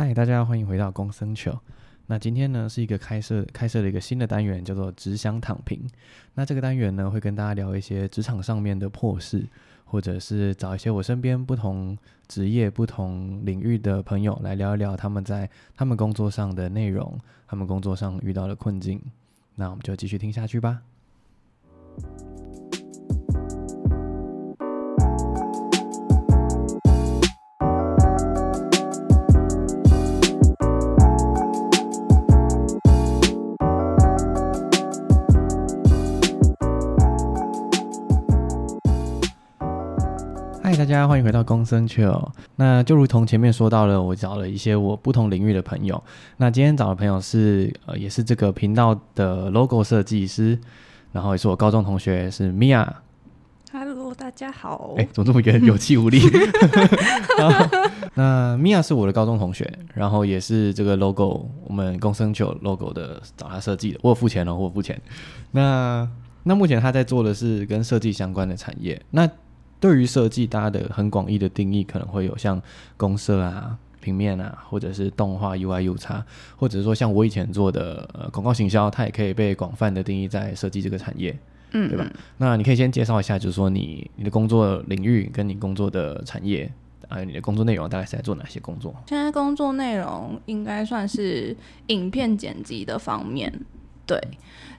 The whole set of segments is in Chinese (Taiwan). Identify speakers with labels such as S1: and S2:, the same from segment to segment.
S1: 嗨，Hi, 大家歡迎回到公生球。那今天呢是一個開設開設了一個新的單元，叫做“職想躺平”。那這個單元呢會跟大家聊一些職場上面的破事，或者是找一些我身邊不同職業、不同領域的朋友來聊一聊他們在他們工作上的內容，他們工作上遇到的困境。那我們就繼續聽下去吧。大家歡迎回到公生趣。那就如同前面說到了，我找了一些我不同領域的朋友。那今天找的朋友是呃，也是這個頻道的 logo 設計師，然後也是我高中同學是，是 Mia。
S2: Hello，大家好。哎，怎麼這麼遠？有氣
S1: 無力。 那 Mia 是我的高中同學，然後也是這個 logo，我們公生趣 logo 的找他設計的。我有付錢了、哦，我有付錢。那那目前他在做的是跟設計相關的產業。那對於設計，大家的很廣義的定義可能會有像公社啊、平面啊，或者是動畫、UI、UX，或者是說像我以前做的呃廣告行銷，它也可以被廣泛的定義在設計這個產業，
S2: 嗯，
S1: 對吧？那你可以先介紹一下，就是說你你的工作領域跟你工作的產業，還有你的工作內容大概是在做哪些工作？
S2: 現在工作內容應該算是影片剪輯的方面，對，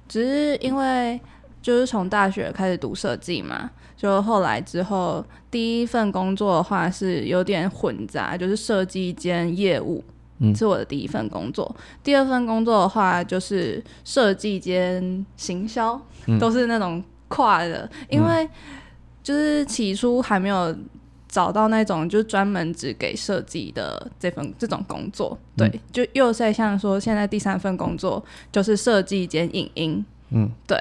S2: 只是因為。就是從大學開始讀設計嘛，就後來之後第一份工作的話是有點混雜，就是設計兼業務，
S1: 嗯、是我
S2: 的第一份工作。第二份工作的話就是設計兼行銷，嗯、都是那種跨的，嗯、因為就是起初還沒有找到那種就專門只給設計的這份這種工作，對，就又在像說現在第三份工作就是設計兼影音。嗯，對，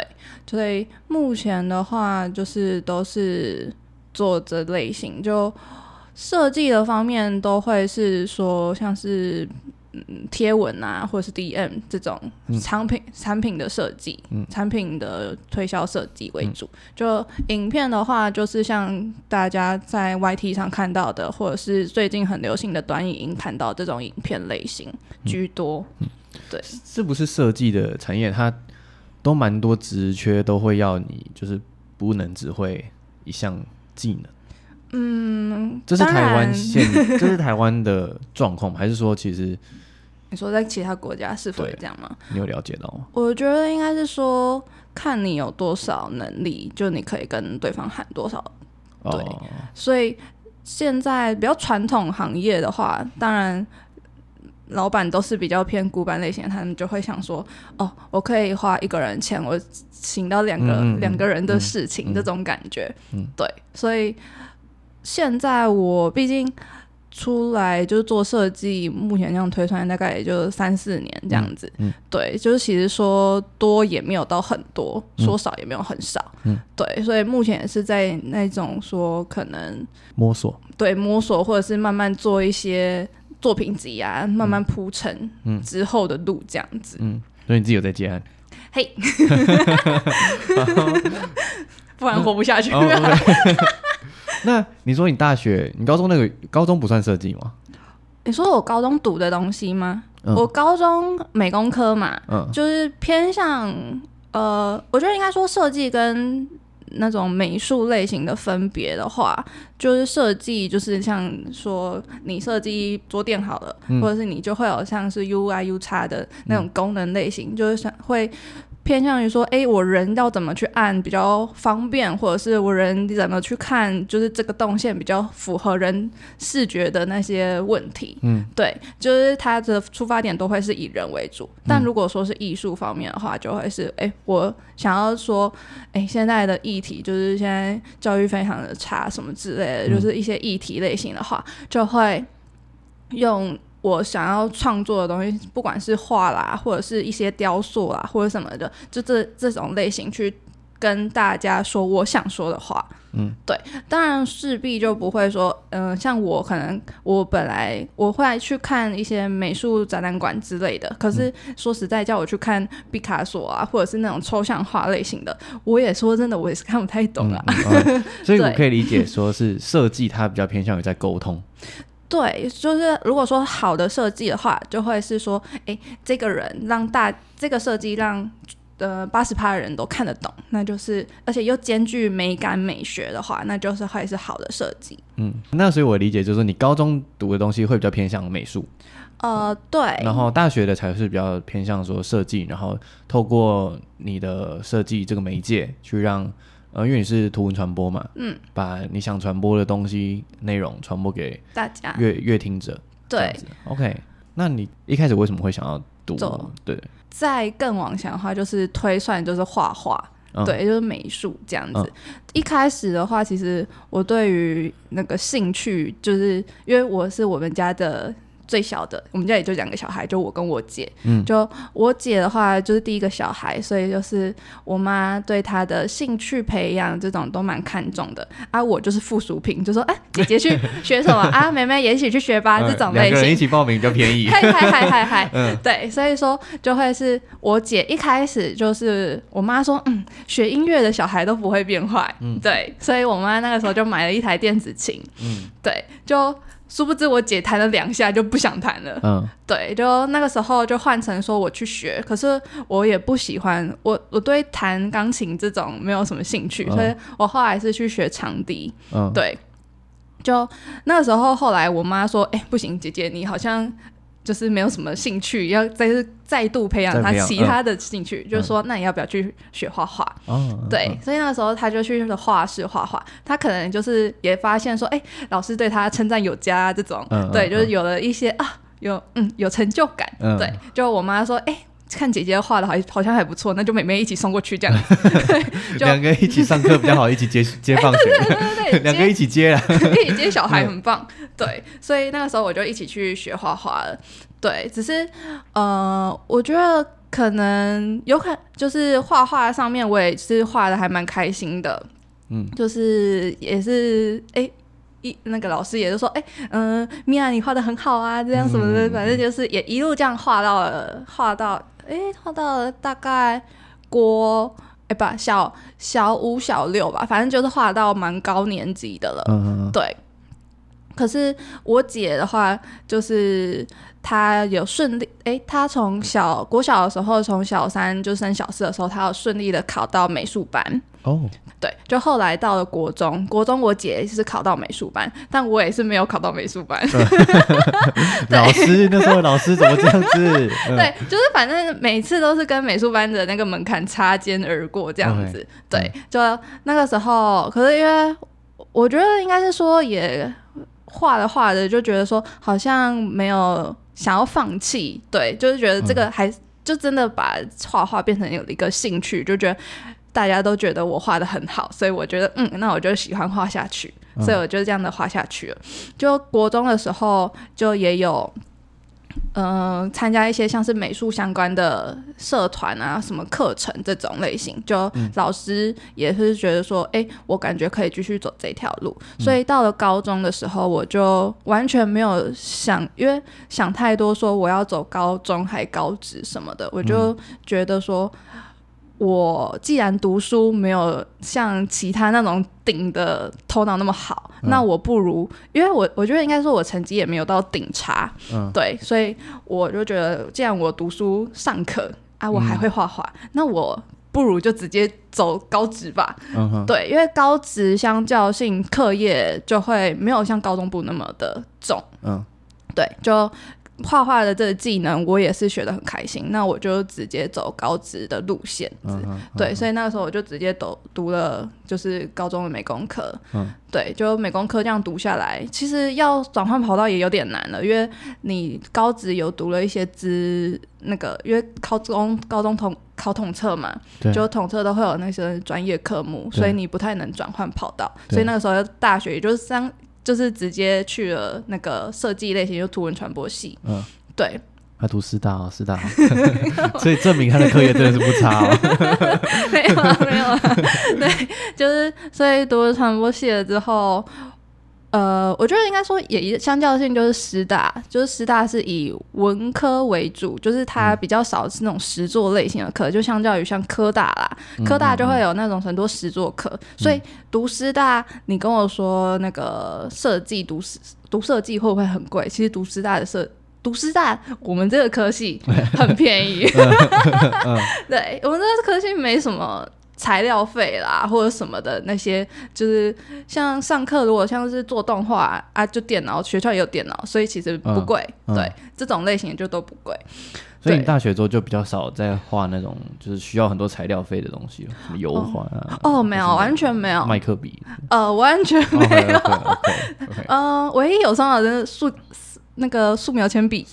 S2: 所以目前的話就是都是做這類型，就設計的方面都會是說像是嗯、貼文啊，或者是 D M 這種產品，嗯、產品的設計，嗯、產品的推銷設計為主。嗯、就影片的話，就是像大家在 Y T 上看到的，或者是最近很流行的短影音看到這種影片類型居多。嗯嗯
S1: 嗯、對，是不是設計的產業它？都蠻多職缺都會要你，就是不能只會一項技能。嗯，
S2: 這是台灣現當然 這是台
S1: 灣的狀況嗎？還是說其實
S2: 你說在其他國家是否也這樣嗎？
S1: 你有了解到嗎？
S2: 我覺得應該是說看你有多少能力，就你可以跟對方喊多少。對，哦、所以現在比較傳統行業的話，當然。老闆都是比較偏古板類型的，他們就會想說：“哦，我可以花一個人錢，我請到兩個、嗯嗯、兩個人的事情，嗯嗯、這種感覺。嗯”對，所以現在我畢竟出來就是做設計，目前這樣推算大概也就三四年這樣子。嗯嗯、對，就是其實說多也沒有到很多，說少也沒有很少。嗯嗯、對，所以目前也是在那種說可能摸索，對摸索或者是慢慢做一些。作品集啊，慢慢鋪陳嗯，之後的路這樣子嗯。
S1: 嗯，所以你自己有在接案？
S2: 嘿，不然活不下去。 oh, okay.
S1: 那你說你大學、你高中那個高中不算設計嗎？
S2: 你說我高中讀的東西嗎？嗯、我高中美工科嘛，嗯、就是偏向呃，我覺得應該說設計跟。那種美術類型的分別的話，就是設計，就是像說你設計桌墊好了，嗯、或者是你就會有像是 UI UX 的那種功能類型，嗯、就是會。偏向於說，哎、欸，我人要怎麼去按比較方便，或者是我人怎麼去看，就是這個動線比較符合人視覺的那些問題。嗯，對，就是它的出發點都會是以人為主。但如果說是藝術方面的話，嗯、就會是，哎、欸，我想要說，哎、欸，現在的議題就是現在教育非常的差，什麼之類的，嗯、就是一些議題類型的話，就會用。我想要創作的東西，不管是畫啦，或者是一些雕塑啦，或者什麼的，就這這種類型去跟大家說我想說的話。嗯，對，當然勢必就不會說，嗯、呃，像我可能我本來，我，本來我會來去看一些美術展覽館之類的，可是說實在叫我去看畢卡索啊，嗯、或者是那種抽象畫類型的，我也說真的，我也是看不太懂啦、嗯嗯哦。所以，我可以理解
S1: 說是設計它比較偏向於在溝通。對
S2: 對，就是如果說好的設計的話，就會是說，哎，這個人讓大這個設計讓，呃，八十趴的人都看得懂，那就是，而且又兼具美感美學的話，那就是會是好的設計。
S1: 嗯，那所以我理解就是你高中讀的東西會比較偏向美術，
S2: 呃，對，然後
S1: 大學的才是比較偏向說設計，然後透過你的設計這個媒介去讓。呃，因為你是圖文傳播嘛，嗯，把你想傳播的東西內容傳播給大家閱閱聽者，對，OK。那你一開始為什麼會想要讀？做對，
S2: 再更往前的話，就是推算，就是畫畫，嗯、對，就是美術這樣子。嗯、一開始的話，其實我對於那個興趣，就是因為我是我們家的。最小的，我們家也就兩個小孩，就我跟我姐。嗯，就我姐的話，就是第一個小孩，嗯、所以就是我媽對她的興趣培養這種都蠻看重的。啊，我就是附屬品，就說哎、啊，姐姐去學什麼 啊？妹妹也一起去學吧， 這種類型。兩個人
S1: 一起報名就便
S2: 宜。嗨嗨嗨嗨！嗯，對，所以說就會是我姐一開始就是我媽說，嗯，學音樂的小孩都不會變壞。嗯，對，所以我媽那個時候就買了一台電子琴。嗯，對，就。殊不知我姐彈了兩下就不想彈了，嗯，對，就那個時候就換成說我去學，可是我也不喜歡我，我對彈鋼琴這種沒有什麼興趣，嗯、所以我後來是去學長笛，嗯、對，就那個時候後來我媽說，哎、欸，不行，姐姐你好像。就是沒有什麼興趣，要再再度培養他其他的興趣，嗯、就是說，那你要不要去學畫畫？嗯、對，嗯嗯、所以那個時候他就去畫室畫畫，他可能就是也發現說，哎、欸，老師對他稱讚有加，這種、嗯、對，就是有了一些、嗯、啊，有嗯有成就感，嗯、對，就我媽說，哎、欸。看姐姐畫的，好好像還不錯，那就妹妹一起送過去這樣。兩 就個一
S1: 起上課比較好， 一起接接放學。欸、對對對，兩個一起接啊，可以接小孩很
S2: 棒。對，對，所以那個時候我就一起去學畫畫了。對，只是呃，我覺得可能有可能，就是畫畫上面我也是畫的還蠻開心的。嗯，就是也是哎、欸、一那個老師也就說哎嗯，米、欸、婭、呃、你畫的很好啊，這樣什麼的，嗯、反正就是也一路這樣畫到了畫到。誒，畫、欸、到了大概國誒、欸，不，小，小五小六吧，反正就是畫到蠻高年級的了。嗯、哼哼。對，可是我姐的話，就是她有順利誒、欸，她從小國小的時候，從小三就升小四的時候，她有順利的考到美術班。哦，oh. 對，就後來到了國中，國中我姐是考到美術班，但我也是沒有考到美術班。
S1: 老師，那時候老師怎麼這
S2: 樣子？嗯、對，就是反正每次都是跟美術班的那個門檻擦肩而過這樣子。Okay. 對，就那個時候，可是因為我覺得應該是說，也畫着畫着就覺得說好像沒有想要放棄。對，就是覺得這個還 Okay. 就真的把畫畫變成有一個興趣，就覺得。大家都覺得我畫得很好，所以我覺得，嗯，那我就喜歡畫下去，所以我就這樣子畫下去了。嗯、就國中的時候，就也有，嗯、呃，參加一些像是美術相關的社團啊、什麼課程這種類型。就老師也是覺得說，哎、嗯欸，我感覺可以繼續走這條路。所以到了高中的時候，我就完全沒有想，因為想太多說我要走高中還高職什麼的，我就覺得說。嗯我既然讀書沒有像其他那種頂的頭腦那麼好，嗯、那我不如，因為我我覺得應該說我成績也沒有到頂差，嗯、對，所以我就覺得，既然我讀書上課啊，我還會畫畫，嗯、那我不如就直接走高職吧，嗯、哼對，因為高職相較性課業就會沒有像高中部那麼的重，嗯，對，就。畫畫的這個技能，我也是學得很開心。那我就直接走高職的路線，啊啊、對，所以那個時候我就直接讀讀了，就是高中的美工科。啊、對，就美工科這樣讀下來，其實要轉換跑道也有點難了，因為你高職有讀了一些資那個，因為高中高中統考統測嘛，對就統測都會有那些專業科目，所以你不太能轉換跑道。對所以那個時候大學也就是三。就是直接去了那個設計類型，就圖文傳播系。嗯、呃，對，
S1: 他讀師大哦，師大，所以證明他的課業真的是不差哦。
S2: 沒有啊，沒有啊， 對，就是所以讀了傳播系了之後。呃，我覺得應該說也，相較性就是師大，就是師大是以文科為主，就是它比較少是那種實作類型的課，嗯、就相較於像科大啦，嗯嗯嗯，科大就會有那種很多實作課。嗯嗯，所以讀師大，你跟我說那個設計讀讀設計會不會很貴？其實讀師大的設，讀師大我們這個科系
S1: 很便宜，
S2: 對，我們這個科系沒什麼。材料費啦，或者什麼的那些，就是像上課，如果像是做動畫啊，就電腦，學校也有電腦，所以其實不貴。對，這種類型就都不貴。
S1: 所以大學之後就比較少再畫那種就是需要很多材料費的東西，什麼油畫
S2: 啊。哦，沒有，完全沒有。麥克筆？呃，完全
S1: 沒
S2: 有。嗯，唯一有上的就是素那個素描鉛筆。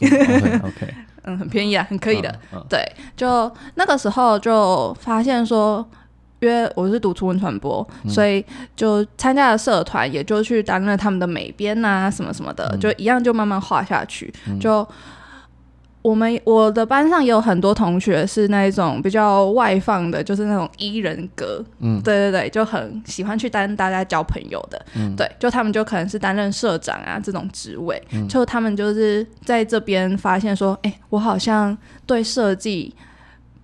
S2: 嗯，很便宜啊，很可以的。對，就那個時候就發現說。因為我是讀圖文傳播，嗯、所以就參加了社團，也就去擔任他們的美編啊，什麼什麼的，嗯、就一樣就慢慢畫下去。嗯、就我們我的班上也有很多同學是那一種比較外放的，就是那種 E 人格，嗯、對對對，就很喜歡去跟大家交朋友的，嗯、對，就他們就可能是擔任社長啊這種職位，嗯、就他們就是在這邊發現說，哎、欸，我好像對設計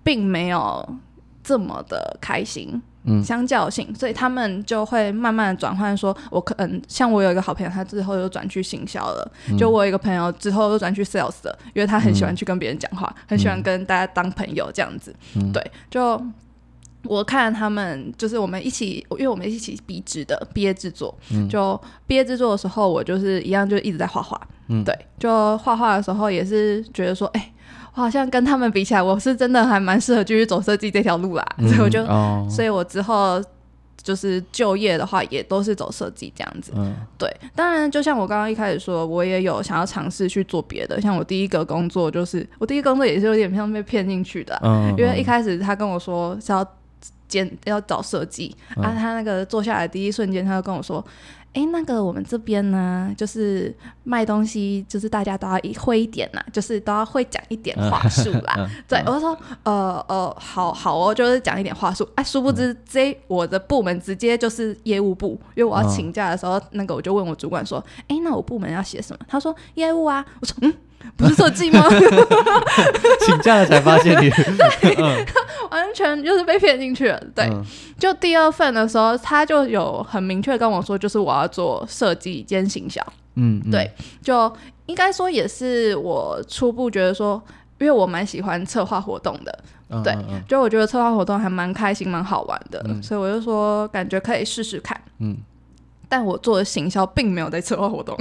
S2: 並沒有。這麼的開心，嗯、相較性，所以他們就會慢慢轉換，說我可能、嗯、像我有一個好朋友，他之後又轉去行銷了，嗯、就我有一個朋友之後又轉去 sales 了，因為他很喜歡去跟別人講話，嗯、很喜歡跟大家當朋友這樣子，嗯、對，就我看他們就是我們一起，因為我們一起畢業的畢業制作，嗯、就畢業制作的時候，我就是一樣，就一直在畫畫，嗯、對，就畫畫的時候也是覺得說，哎、欸。我好像跟他們比起來，我是真的還蠻適合繼續走設計這條路啦，嗯、所以我就，哦、所以我之後就是就業的話，也都是走設計這樣子。嗯、對，當然就像我剛剛一開始說，我也有想要嘗試去做別的，像我第一個工作就是，我第一個工作也是有點像被騙進去的、啊，嗯嗯，因為一開始他跟我說是要剪要找設計，嗯、啊，他那個坐下來第一瞬間他就跟我說。哎、欸，那個我們這邊呢，就是賣東西，就是大家都要會一點吶，就是都要會講一點話術啦。 對，我就說，呃呃，好好哦，就是講一點話術。哎、啊，殊不知這我的部門直接就是業務部，因為我要請假的時候，嗯、那個我就問我主管說，哎、欸，那我部門要寫什麼？他說業務啊。我說嗯。不是設計嗎？
S1: 請假了才發現你， 對，
S2: 完全就是被騙進去了。對，嗯、就第二份的時候，他就有很明確跟我說，就是我要做設計兼行銷。嗯，嗯，對，就應該說也是我初步覺得說，因為我蠻喜歡策劃活動的。嗯嗯對，就我覺得策劃活動還蠻開心、蠻好玩的，嗯、所以我就說感覺可以試試看。嗯。但我做的行銷並沒有在策劃活動，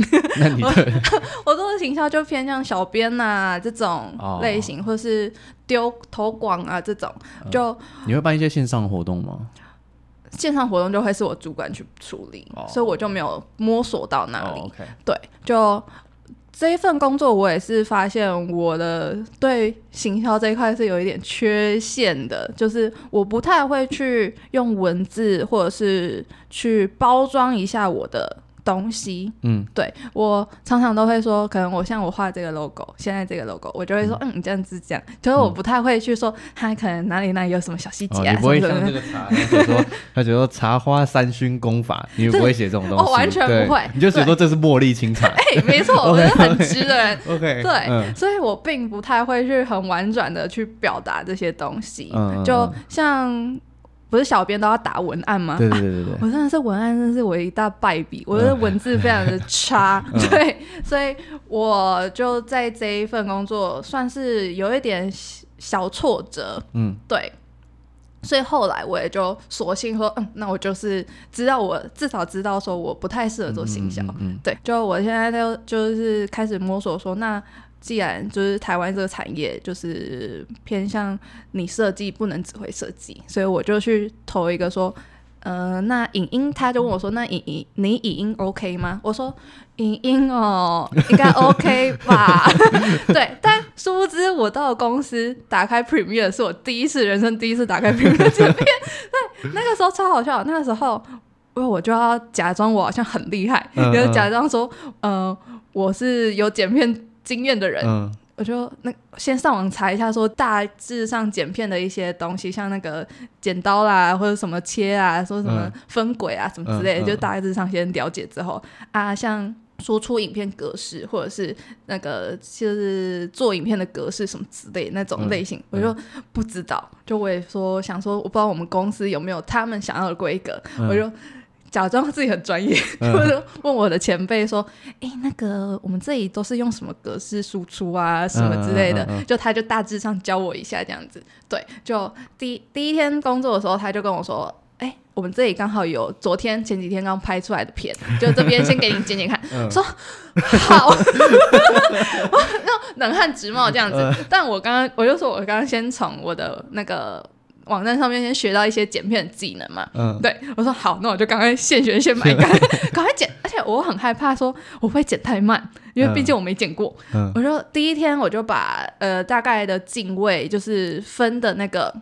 S2: 我做的行銷就偏向小編啊，這種類型，哦、或是丟投廣啊這種就、
S1: 呃。你會辦一些線上活動嗎？
S2: 線上活動就會是我主管去處理，哦、所以我就沒有摸索到那裡。哦 okay、對，就。這一份工作我也是發現我的對行銷這一塊是有一點缺陷的，就是我不太會去用文字或者是去包裝一下我的。東西，嗯，對，我常常都會說，可能我像我畫這個 logo，現在這個 logo，我就會說，嗯，你這樣子講，就是我不太會去說他可能哪裡哪裡有什麼小細節，不會像
S1: 這個茶，他就說，他就說茶花三燻功法，你不會寫這種東西，我完全不會。你就寫說，這是茉莉清茶。哎，沒錯，我就是很直的人。OK，
S2: 對，所以我並不太會去很婉轉的去表達這些東西。就像。不是小編都要打文案嗎？對對對對、啊、我真的是文案，真的是我一大敗筆。我覺得文字非常的差， 對，所以我就在這一份工作算是有一點小挫折。嗯，對，所以後來我也就索性說，嗯，那我就是知道我至少知道說我不太適合做行銷。嗯,嗯,嗯,嗯，對，就我現在就就是開始摸索說那。既然，就是台灣這個產業就是偏向你設計不能只會設計，所以我就去投一個說，嗯、呃，那影音他就問我說，那影音你影音 OK 嗎？我說影音哦，應該 OK 吧？ 對，但殊不知我到了公司打開 Premiere 是我第一次人生第一次打開 Premiere 剪片。 對，那個時候超好笑，那個時候我我就要假裝我好像很厲害，就、嗯嗯、假裝說，嗯、呃，我是有剪片經驗的人，嗯、我就那先上網查一下，說大致上剪片的一些東西，像那個剪刀啦，或者什麼切啊，說什麼分軌啊，嗯、什麼之類的，就大致上先了解之後、嗯嗯、啊，像說出影片格式，或者是那個就是做影片的格式什麼之類那種類型，嗯、我就不知道，嗯、就我也說想說，我不知道我們公司有沒有他們想要的規格，嗯、我就。假裝自己很專業，就是、問我的前輩說：“哎、嗯欸，那個我們這裡都是用什麼格式輸出啊，什麼之類的？”嗯、啊啊啊啊就他就大致上教我一下這樣子。對，就第一第一天工作的時候，他就跟我說：“哎、欸，我們這裡剛好有昨天前幾天剛拍出來的片， 就這邊先給你剪剪看。嗯”說好，那 冷汗直冒這樣子。嗯、但我剛剛我就說我剛剛先從我的那個。網站上面先學到一些剪片技能嘛，嗯，對，我說好，那我就趕快現學現賣幹，趕是的 快剪， 而且我很害怕說我會剪太慢，因為畢竟我沒剪過，嗯、我說第一天我就把呃大概的鏡位就是分的那個。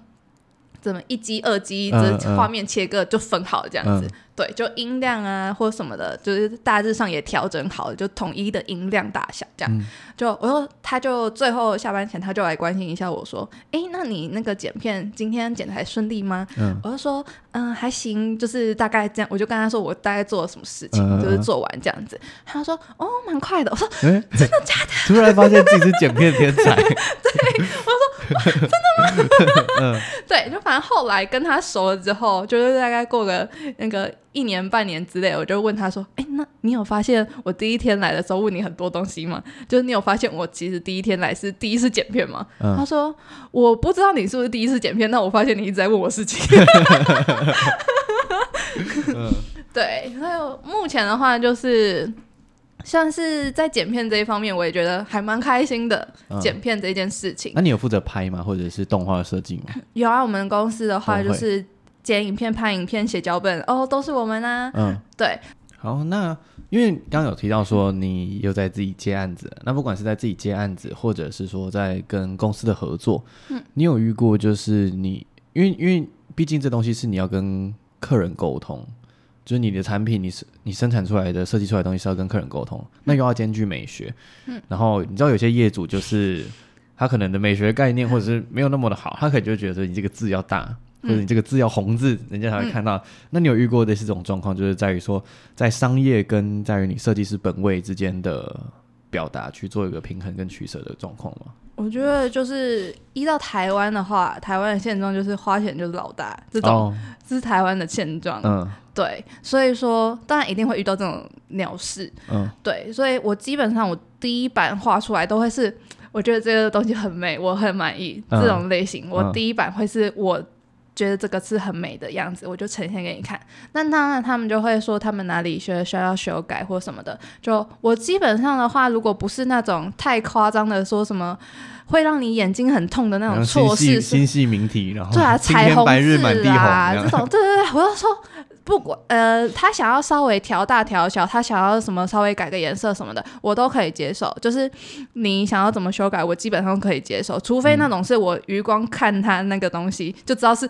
S2: 怎麼一機二機，這畫面切割就分好了，這樣子，嗯嗯、對，就音量啊或什麼的，就是大致上也調整好了，就統一的音量大小，這樣，嗯、就我說他就最後下班前他就來關心一下我說，哎、欸，那你那個剪片今天剪的還順利嗎？嗯、我就說，嗯，還行，就是大概這樣，我就跟他說我大概做了什麼事情，嗯、就是做完這樣子，他說，哦，蠻快的，我說，欸、
S1: 真的假的？突然發現自己是剪片天才 對，
S2: 對我說。 真的嗎？ 對，就反正後來跟他熟了之後，就是大概過個那個一年半年之內，我就問他說：“哎、欸，那你有發現我第一天來的時候問你很多東西嗎？就是你有發現我其實第一天來是第一次剪片嗎？”嗯、他說：“我不知道你是不是第一次剪片，但我發現你一直在問我事情。 ” 對，所以目前的話就是。像是在剪片這一方面，我也覺得還蠻開心的。剪片、嗯、這一件事情，那你
S1: 有負責拍嗎？或者是動畫設計嗎？
S2: 有啊，我們公司的話就是剪影片、拍影片、寫腳本,會哦，都是我們啦、啊。嗯，對。
S1: 好，那因為剛剛有提到說你又在自己接案子，那不管是在自己接案子，或者是說在跟公司的合作，嗯，你有遇過就是你，因為因為畢竟這東西是你要跟客人溝通。就是你的產品，你是你生產出來的，設計出來的東西是要跟客人溝通，嗯、那又要兼具美學。嗯、然後你知道有些業主就是他可能的美學概念或者是沒有那麼的好，嗯、他可能就覺得你這個字要大，嗯、或者你這個字要紅字，人家才會看到。嗯、那你有遇過類似這種狀況，就是在於說在商業跟在於你設計師本位之間的表達去做一個平衡跟取捨的狀況嗎？
S2: 我覺得就是一到台灣的話，台灣的現狀就是花錢就是老大，這種、oh. 是台灣的現狀。嗯，uh. 對，所以說當然一定會遇到這種鳥事。嗯，uh. 對，所以我基本上我第一版畫出來都會是，我覺得這個東西很美，我很滿意、uh. 這種類型。我第一版會是我覺得這個字很美的樣子，uh. 我就呈現給你看。那當然他們就會說他們哪裡需要要修改或什麼的。就我基本上的話，如果不是那種太誇張的說什麼。會讓你眼睛很痛的那種錯事，新
S1: 細明體，然後對啊，彩虹是啦，這種，
S2: 這對對對，我就說，不管呃，他想要稍微調大、調小，他想要什麼稍微改個顏色什麼的，我都可以接受。就是你想要怎麼修改，我基本上可以接受，除非那種是我餘光看他那個東西就知道是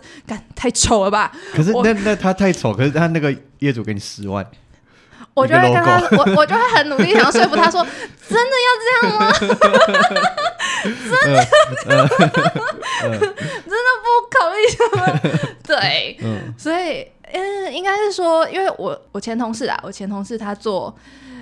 S2: 太醜了吧。可是那那
S1: 他太醜，可是他那個業主給你十萬，
S2: 個我就會跟他，我我就會很努力想要說服他說，真的要這樣嗎？
S1: 真
S2: 的、呃，呃、 真的不考慮什麼，呃、 對，嗯、所以嗯，應該是說，因為我我前同事啊，我前同事他做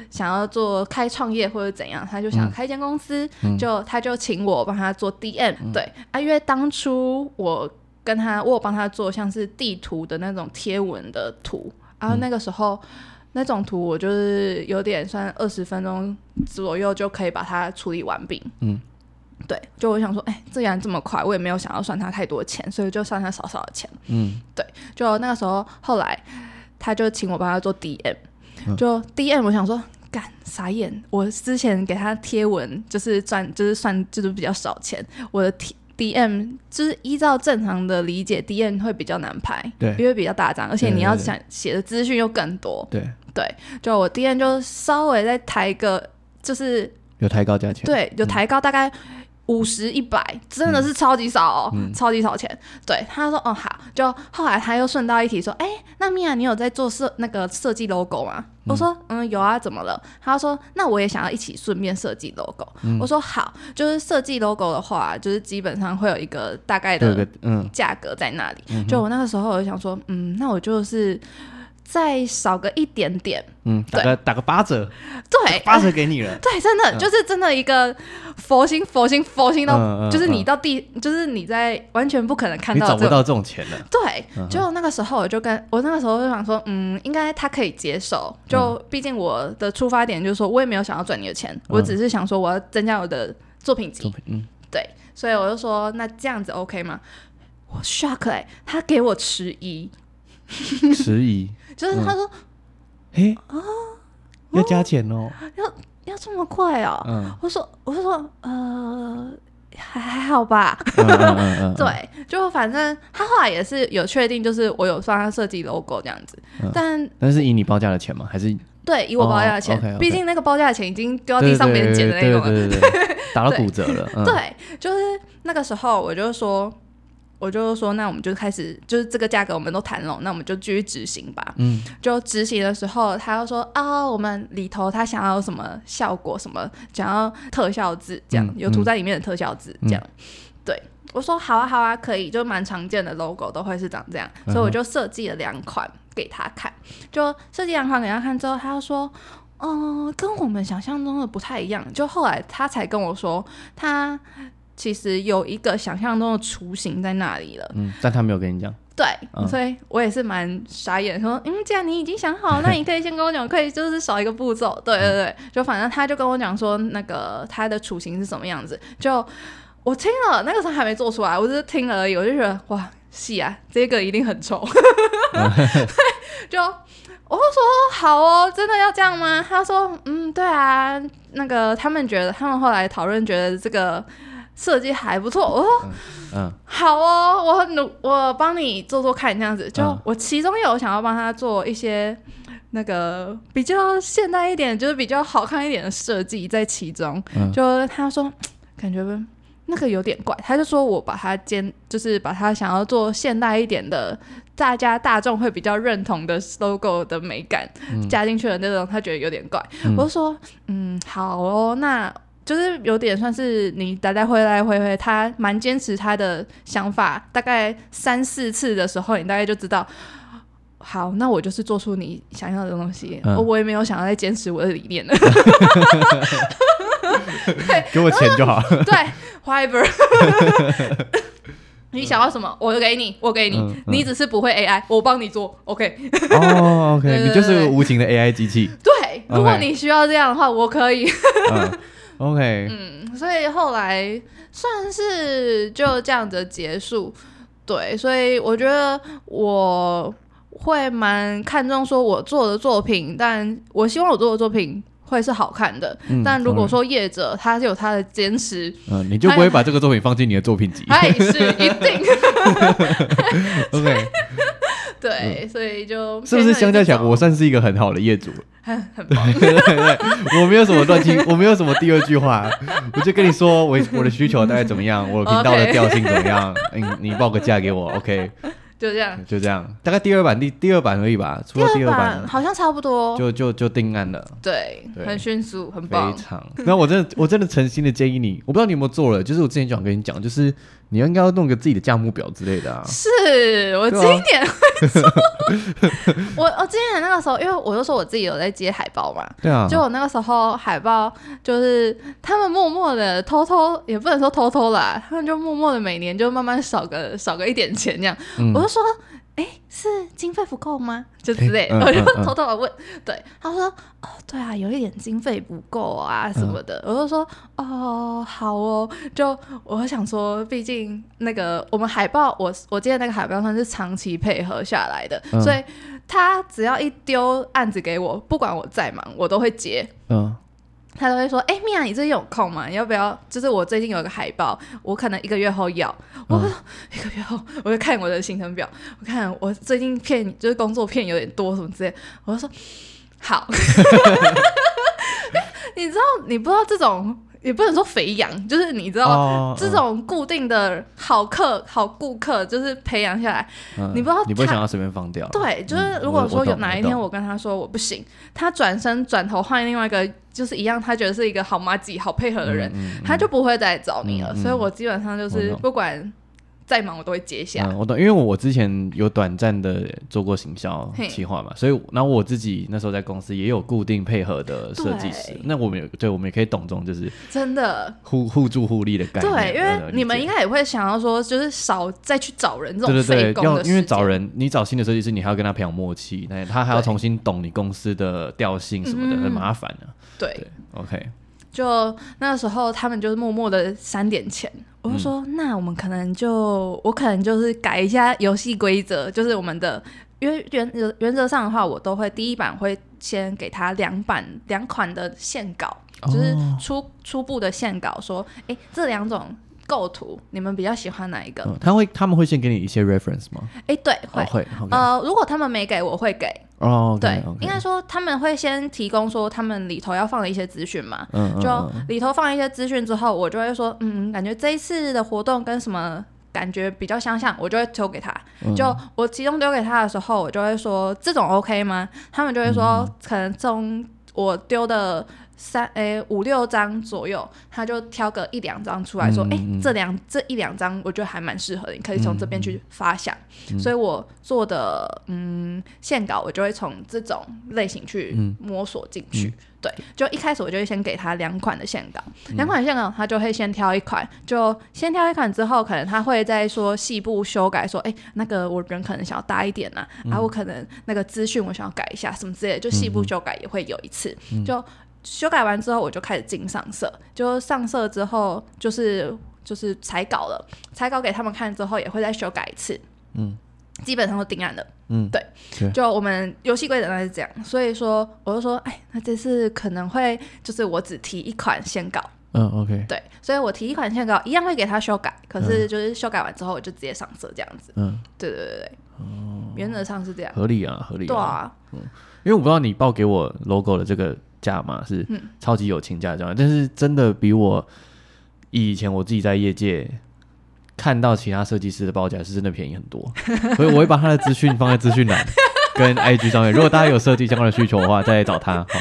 S2: 想要做開創業或者怎樣，他就想開一間公司，嗯、就他就請我幫他做 D M，、嗯、對啊，因為當初我跟他我有幫他做像是地圖的那種貼文的圖，然、啊、後那個時候、嗯、那種圖我就是有點算二十分鐘左右就可以把它處理完畢，嗯。對，就我想說，哎、欸，這樣這麼快，我也沒有想要算他太多錢，所以就算他少少的錢。嗯，對，就那個時候，後來他就請我幫他做 DM，、嗯、就 DM，我想說，幹，傻眼！我之前給他貼文，就是算，就是算，就是、算就是比較少錢。我的 DM 就是依照正常的理解，DM 會比較難排，對，因為比較大張，而且你要想寫的資訊又更多，對，對，對，對，對，就我 DM 就稍微再抬一個，就是
S1: 有抬高價錢，
S2: 對，有抬高大概、嗯。五十一百真的是超級少哦，嗯、超級少錢。嗯、對他說：“哦、嗯，好。”就後來他又順道一提說：“哎、欸，那米婭，你有在做設那個設計 logo 嗎？”嗯、我說：“嗯，有啊。”怎麼了？他說：“那我也想要一起順便設計 logo。嗯”我說：“好，就是設計 logo 的話，就是基本上會有一個大概的嗯價格在那裡。”嗯、就我那個時候我就想說：“嗯，那我就是。”再少個一點點，嗯，
S1: 打個打個八折，
S2: 對，八折給
S1: 你了，對，真的就是
S2: 真的一個佛心佛心佛心的，就是你到底，就是你在完全不可能看到，你找不到這種錢的，對，就那個時候我就跟我那個時候就想說，嗯，應該他可以接受，就畢竟我的出發點就是說我也沒有想要賺你的錢，我只是想說我要增加我的作品集，嗯，對，所以我就說那這樣子 OK 嗎？我 shock 哎，他給我遲疑。
S1: 遲疑，就是他
S2: 說：“
S1: 哎啊，要加錢哦，要
S2: 要這麼快哦。”我說：“我說，呃，還還好吧。”對，就反正他後來也是有確定，就是我有算他設計 logo 這樣子。但
S1: 但是以你報價的錢嗎？還是對以我報價的錢？畢竟
S2: 那個報價的錢已經丟到地上面撿的那種了，對對對，打到骨折了。對，就是那個時候我就說。我就說，那我們就開始，就是這個價格我們都談攏，那我們就繼續執行吧。嗯，就執行的時候，他就說啊、哦，我們裡頭他想要什麼效果，什麼想要特效字，這樣、嗯嗯、有塗在裡面的特效字，這樣。嗯、對，我說好啊，好啊，可以，就蠻常見的 logo 都會是長這樣，所以我就設計了兩款給他看。就設計兩款給他看之後，他就說，嗯、呃，跟我們想象中的不太一樣。就後來他才跟我說，他。其實有一個想象中的雛形在那裡了，
S1: 嗯，但他沒有跟你講，
S2: 對，嗯、所以我也是蠻傻眼的，說，嗯，既然你已經想好，那你可以先跟我講，可以就是少一個步驟，嘿對對對，就反正他就跟我講說，那個他的雛形是什麼樣子，就我聽了，那個時候還沒做出來，我只是聽了而已，我就覺得哇，是啊，這個一定很醜， 啊、呵呵 就我就說好哦，真的要這樣嗎？他說，嗯，對啊，那個他們覺得，他們後來討論覺得這個。設計還不錯哦、嗯，嗯，好哦，我很努我幫你做做看，這樣子、嗯、就我其中有想要幫他做一些那個比較現代一點，就是比較好看一點的設計在其中，嗯、就他說感覺那個有點怪，他就說我把他兼就是把他想要做現代一點的，大家大眾會比較認同的 logo 的美感、嗯、加進去的那種，他覺得有點怪，嗯、我就說嗯好哦那。就是有點算是你大家來來回回，他蠻堅持他的想法。大概三四次的時候，你大概就知道，好，那我就是做出你想要的東西。嗯、我也沒有想要再堅持我的理念了。
S1: 給我錢就好。嗯、對
S2: whatever 你想要什麼，我給你，我給你。嗯嗯、你只是不會 AI，我幫你做。OK。 哦
S1: ，OK，對對對對，你就是個無情的 AI 機器。對，如果你
S2: 需要這樣的話，我可以。 嗯 OK，嗯，所以後來算是就這樣子結束，對，所以我覺得我會蠻看重說我做的作品，但我希望我做的作品會是好看的，嗯，但如果說業者他是有他的堅持，嗯，
S1: 你就不會把這個作品放進你的作品集，
S2: 哎，哎，是，一定 ，OK。對，所以就是，不是相較起
S1: 來，我算是一個很好的業主。對對對，我沒有什麼斷句，我沒有什麼第二句話，我就跟你說我我的需求大概怎麼樣，我頻道的調性怎麼樣，嗯，你報個價給我，OK，就這樣，就這樣。大概第二版第第二版而已吧，除了第二版
S2: 好像差不多，就
S1: 就就定案了，
S2: 對，很迅速，很棒，非常。那我
S1: 真的我真的誠心的建議你，我不知道你有沒有做了，就是我之前就想跟你講，就是。你應該要弄個自己的價目表之類的啊是！是
S2: 我今年會對、啊 我，我我今年那個時候，因為我就說我自己有在接海報嘛，對啊，就我那個時候海報，就是他們默默的偷偷，也不能說偷偷啦，他們就默默的每年就慢慢少個少個一點錢這樣，我就說。嗯哎、欸，是經費不夠嗎？就之類的，我就偷偷的問，對他說，哦，對啊，有一點經費不夠啊什麼的，嗯、我就說，哦，好哦，就我想說，畢竟那個我們海報，我我記得那個海報算是長期配合下來的，嗯、所以他只要一丟案子給我，不管我再忙，我都會接。嗯。.他都會說：“哎，米婭，你最近有空嗎？你要不要？就是我最近有個海報，我可能一個月後要。嗯、我說一個月後，我就看我的行程表，我看我最近片，就是工作片有點多什麼之類的，我就說好。 你知道，你不知道這種。”也不能說肥羊，就是你知道、哦、這種固定的好客、哦、好顧客，就是培養下來，嗯、你不知道他你不會
S1: 想要隨便放掉。對，
S2: 就是如果說有哪一天我跟他說我不行，他轉身轉頭換另外一個，懂就是一樣，他覺得是一個好麻吉、好配合的人，嗯嗯嗯、他就不會再找你了。嗯嗯、所以我基本上就是不管。再忙我都會接一下。嗯，
S1: 我懂，因為我之前有短暫的做過行銷企劃嘛，嘿所以那我自己那時候在公司也有固定配合的設計師。對那我們有，對我們也可以懂這種就是真的互互助互利的感覺。對，因為你們
S2: 應該也會想要說，就是少再去找人這種。對對對，因為
S1: 找人，你找新的設計師，你還要跟他培養默契，那他還要重新懂你公司的調性什麼的，對很麻煩
S2: 的、啊嗯。對，對，OK。就那時候，他們就是默默的三點錢。我說，那我們可能就我可能就是改一下遊戲規則，就是我們的原原原原則上的話，我都會第一版會先給他兩版兩款的線稿，就是初、哦、初步的線稿說，說哎這兩種。構圖，你們比較喜歡哪一個？哦、
S1: 他會他們會先給你一些 reference 嗎？
S2: 哎、欸，對，會。哦會 okay、呃，如果他們沒給，我會給。哦，okay，對，okay。應該說他們會先提供說他們裡頭要放的一些資訊嘛。嗯。就裡頭放一些資訊之後，我就會說，嗯，嗯，嗯，感覺這一次的活動跟什麼感覺比較相像，我就會丟給他。就我其中丟給他的時候，我就會說這種 OK 嗎？他們就會說可能這種。我丟的三、誒、欸、五六張左右，他就挑個一兩張出來說：“誒、嗯嗯、欸，這兩這一兩張，我覺得還蠻適合的，你可以從這邊去發想。嗯”嗯、所以，我做的嗯線稿，我就會從這種類型去摸索進去。嗯嗯對，就一開始我就會先給他兩款的線稿，兩、嗯、款線稿他就會先挑一款，就先挑一款之後，可能他會再說細部修改說，說、欸、哎，那個我人可能想要大一點啊，嗯、啊，我可能那個資訊我想要改一下什麼之類的，就細部修改也會有一次，嗯、哼就修改完之後我就開始進上色，就上色之後就是就是彩稿了，彩稿給他們看之後也會再修改一次，嗯。基本上都定案了，嗯，對，okay，就我們遊戲規則那是這樣，所以說我就說，哎，那這次可能會就是我只提一款線稿，嗯，OK，對，所以我提一款線稿一樣會給他修改，可是就是修改完之後我就直接上色這樣子，嗯，對對對對，哦，原則上是這樣，合
S1: 理啊，合理啊，對啊，嗯，因為我不知道你報給我 logo 的這個價嘛是超級友情價這樣，嗯，但是真的比我以前我自己在業界。看到其他設計師的報價是真的便宜很多， 所以我會把他的資訊放在資訊欄，跟 IG 上面。 如果大家有設計相關的需求的話， 再來找他。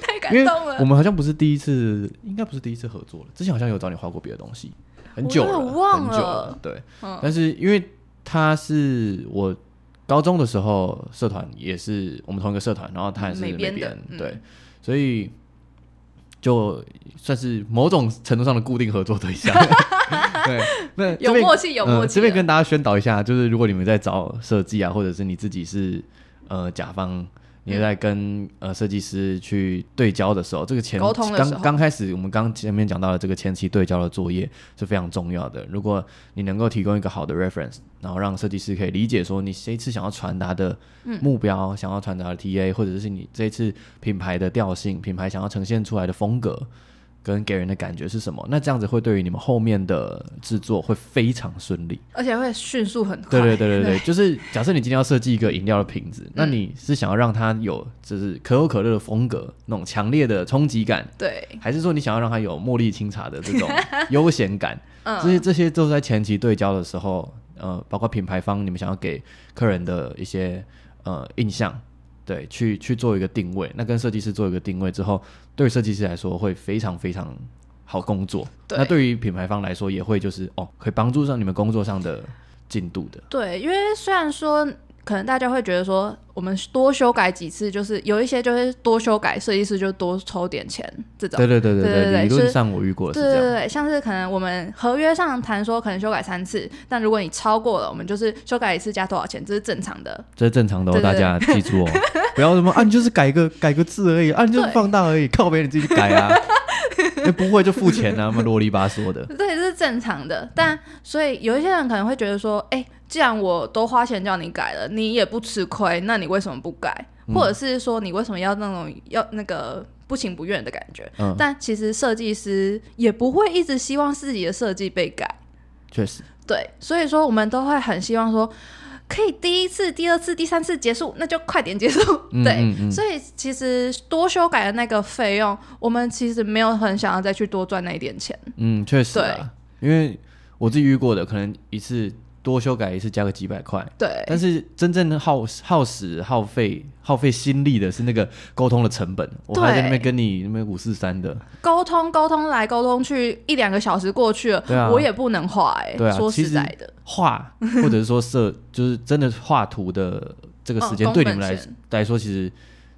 S1: 太感動了，因為我們好像不是第一次，應該不是第一次合作了。之前好像有找你畫過別的東西，很久了，我忘了很久了。對，嗯、但是因為他是我高中的時候社團也是我們同一個社團，然後他也是那邊、嗯、的，嗯、對，所以。就算是某種程度上的固定合作對象，對，那有默契，有默契，呃，這邊跟大家宣導一下，就是如果你們在找設計啊，或者是你自己是呃甲方。你在跟呃設計師去對焦的時候，這個前剛剛開始，我們剛前面講到了這個前期對焦的作業是非常重要的。如果你能夠提供一個好的 reference，然後讓設計師可以理解說你這一次想要傳達的目標，嗯、想要傳達的 TA，或者是你這一次品牌的調性，品牌想要呈現出來的風格。跟給人的感覺是什麼？那這樣子會對於你們後面的製作會非常順利，
S2: 而且會迅速很快。對對對對對，對就
S1: 是假設你今天要設計一個飲料的瓶子，那你是想要讓它有就是可口可樂的風格，那種強烈的衝擊感，對，還是說你想要讓它有茉莉清茶的這種悠閒感？ 嗯、這些這些都在前期對焦的時候，呃，包括品牌方你們想要給客人的一些呃印象。對，去去做一個定位，那跟設計師做一個定位之後，對設計師來說會非常非常好工作。對，那對於品牌方來說，也會就是哦，可以幫助上你們工作上的進度的。
S2: 對，因為雖然說。可能大家會覺得說，我們多修改幾次，就是有一些就是多修改，設計師就多抽點錢這種。對對對對對，對對對對理論上我遇過是這樣、就是、對，對對對，像是可能我們合約上談說可能修改三次，但如果你超過了，我們就是修改一次加多少錢，這是正常的。
S1: 這是正常的、哦，對對對大家記住哦，不要什麼啊，就是改個改個字而已，啊，就是放大而已，對靠北你自己改啊。 不會就付錢啊，那麼囉里八嗦的。
S2: 對，是正常的。但、嗯、所以有一些人可能會覺得說，哎、欸。既然我都花錢叫你改了，你也不吃虧，那你為什麼不改？嗯、或者是說你為什麼要那種要那個不情不願的感覺？嗯、但其實設計師也不會一直希望自己的設計被改，確實，對，所以說我們都會很希望說，可以第一次、第二次、第三次結束，那就快點結束。嗯、對，嗯、所以其實多修改的那個費用，我們其實沒有很想要再去多賺那一點錢。嗯，
S1: 確實、啊，對，因為我自己遇過的可能一次。多修改一次加個幾百塊，對。但是真正耗耗時，耗費耗費心力的是那個溝通的成本。我還在那邊跟你那邊五四三的
S2: 溝通，溝通來溝通去，一兩個小時過去了，我也不能畫哎。對啊，說實在的，其
S1: 實畫或者是說設，就是真的畫圖的這個時間對你們來來說其實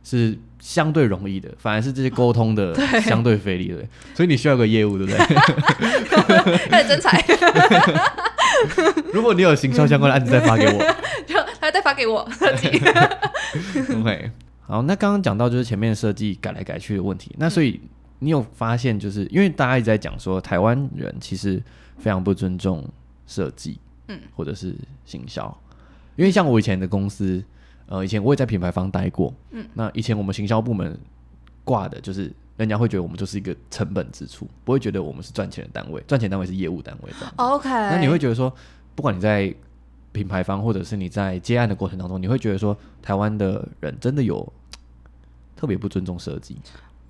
S1: 是相對容易的，反而是這些溝通的相對費力的。所以你需要個業務，對不對？太真才。 如果你有行銷相關的案子，再發給我。
S2: 然後他再發給我
S1: OK。好，那剛剛講到就是前面設計改來改去的問題。嗯、那所以你有發現，就是因為大家一直在講說，台灣人其實非常不尊重設計，嗯，或者是行銷。嗯、因為像我以前的公司，呃，以前我也在品牌方待過，嗯，那以前我們行銷部門掛的就是。人家會覺得我們就是一個成本支出，不會覺得我們是賺錢的單位。賺錢的單位是業務單位的單位。Oh, OK，那你會覺得說，不管你在品牌方，或者是你在接案的過程當中，你會覺得說，台灣的人真的有特別不尊重設計？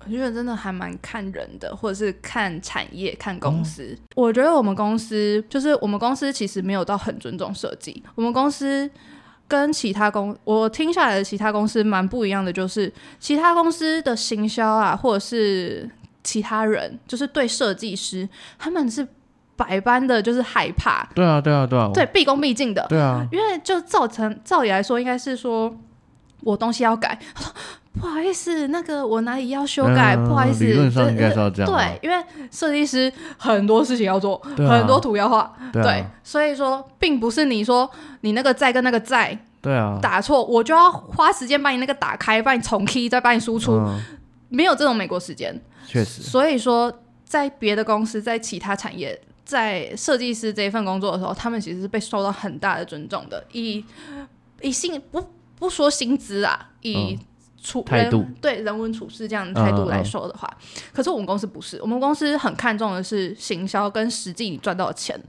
S2: 我覺得真的還蠻看人的，或者是看產業、看公司。Oh. 我覺得我們公司就是我們公司其實沒有到很尊重設計。我們公司。跟其他公，我聽下來的其他公司蠻不一樣的，就是其他公司的行銷啊，或者是其他人，就是對設計師，他們是百般的就是害怕，
S1: 對啊對啊對啊，對畢
S2: 恭畢敬的，對啊，因為就造成，照理來說，應該是說。我東西要改，不好意思，那個我哪裡要修改？嗯、不好意思，對，因為設計師很多事情要做，啊、很多圖要畫，對，對啊、所以說並不是你說你那個在跟那個在對啊打錯，我就要花時間把你那個打開，把你重 key，再把你輸出，嗯、沒有這種美國時間，確實。所以說，在別的公司，在其他產業，在設計師這一份工作的時候，他們其實是被受到很大的尊重的，以以信不。不說薪資啊，以處、哦、人對人文處事這樣的態度來說的話，哦哦哦，可是我們公司不是，我們公司很看重的是行銷跟實際賺到的錢，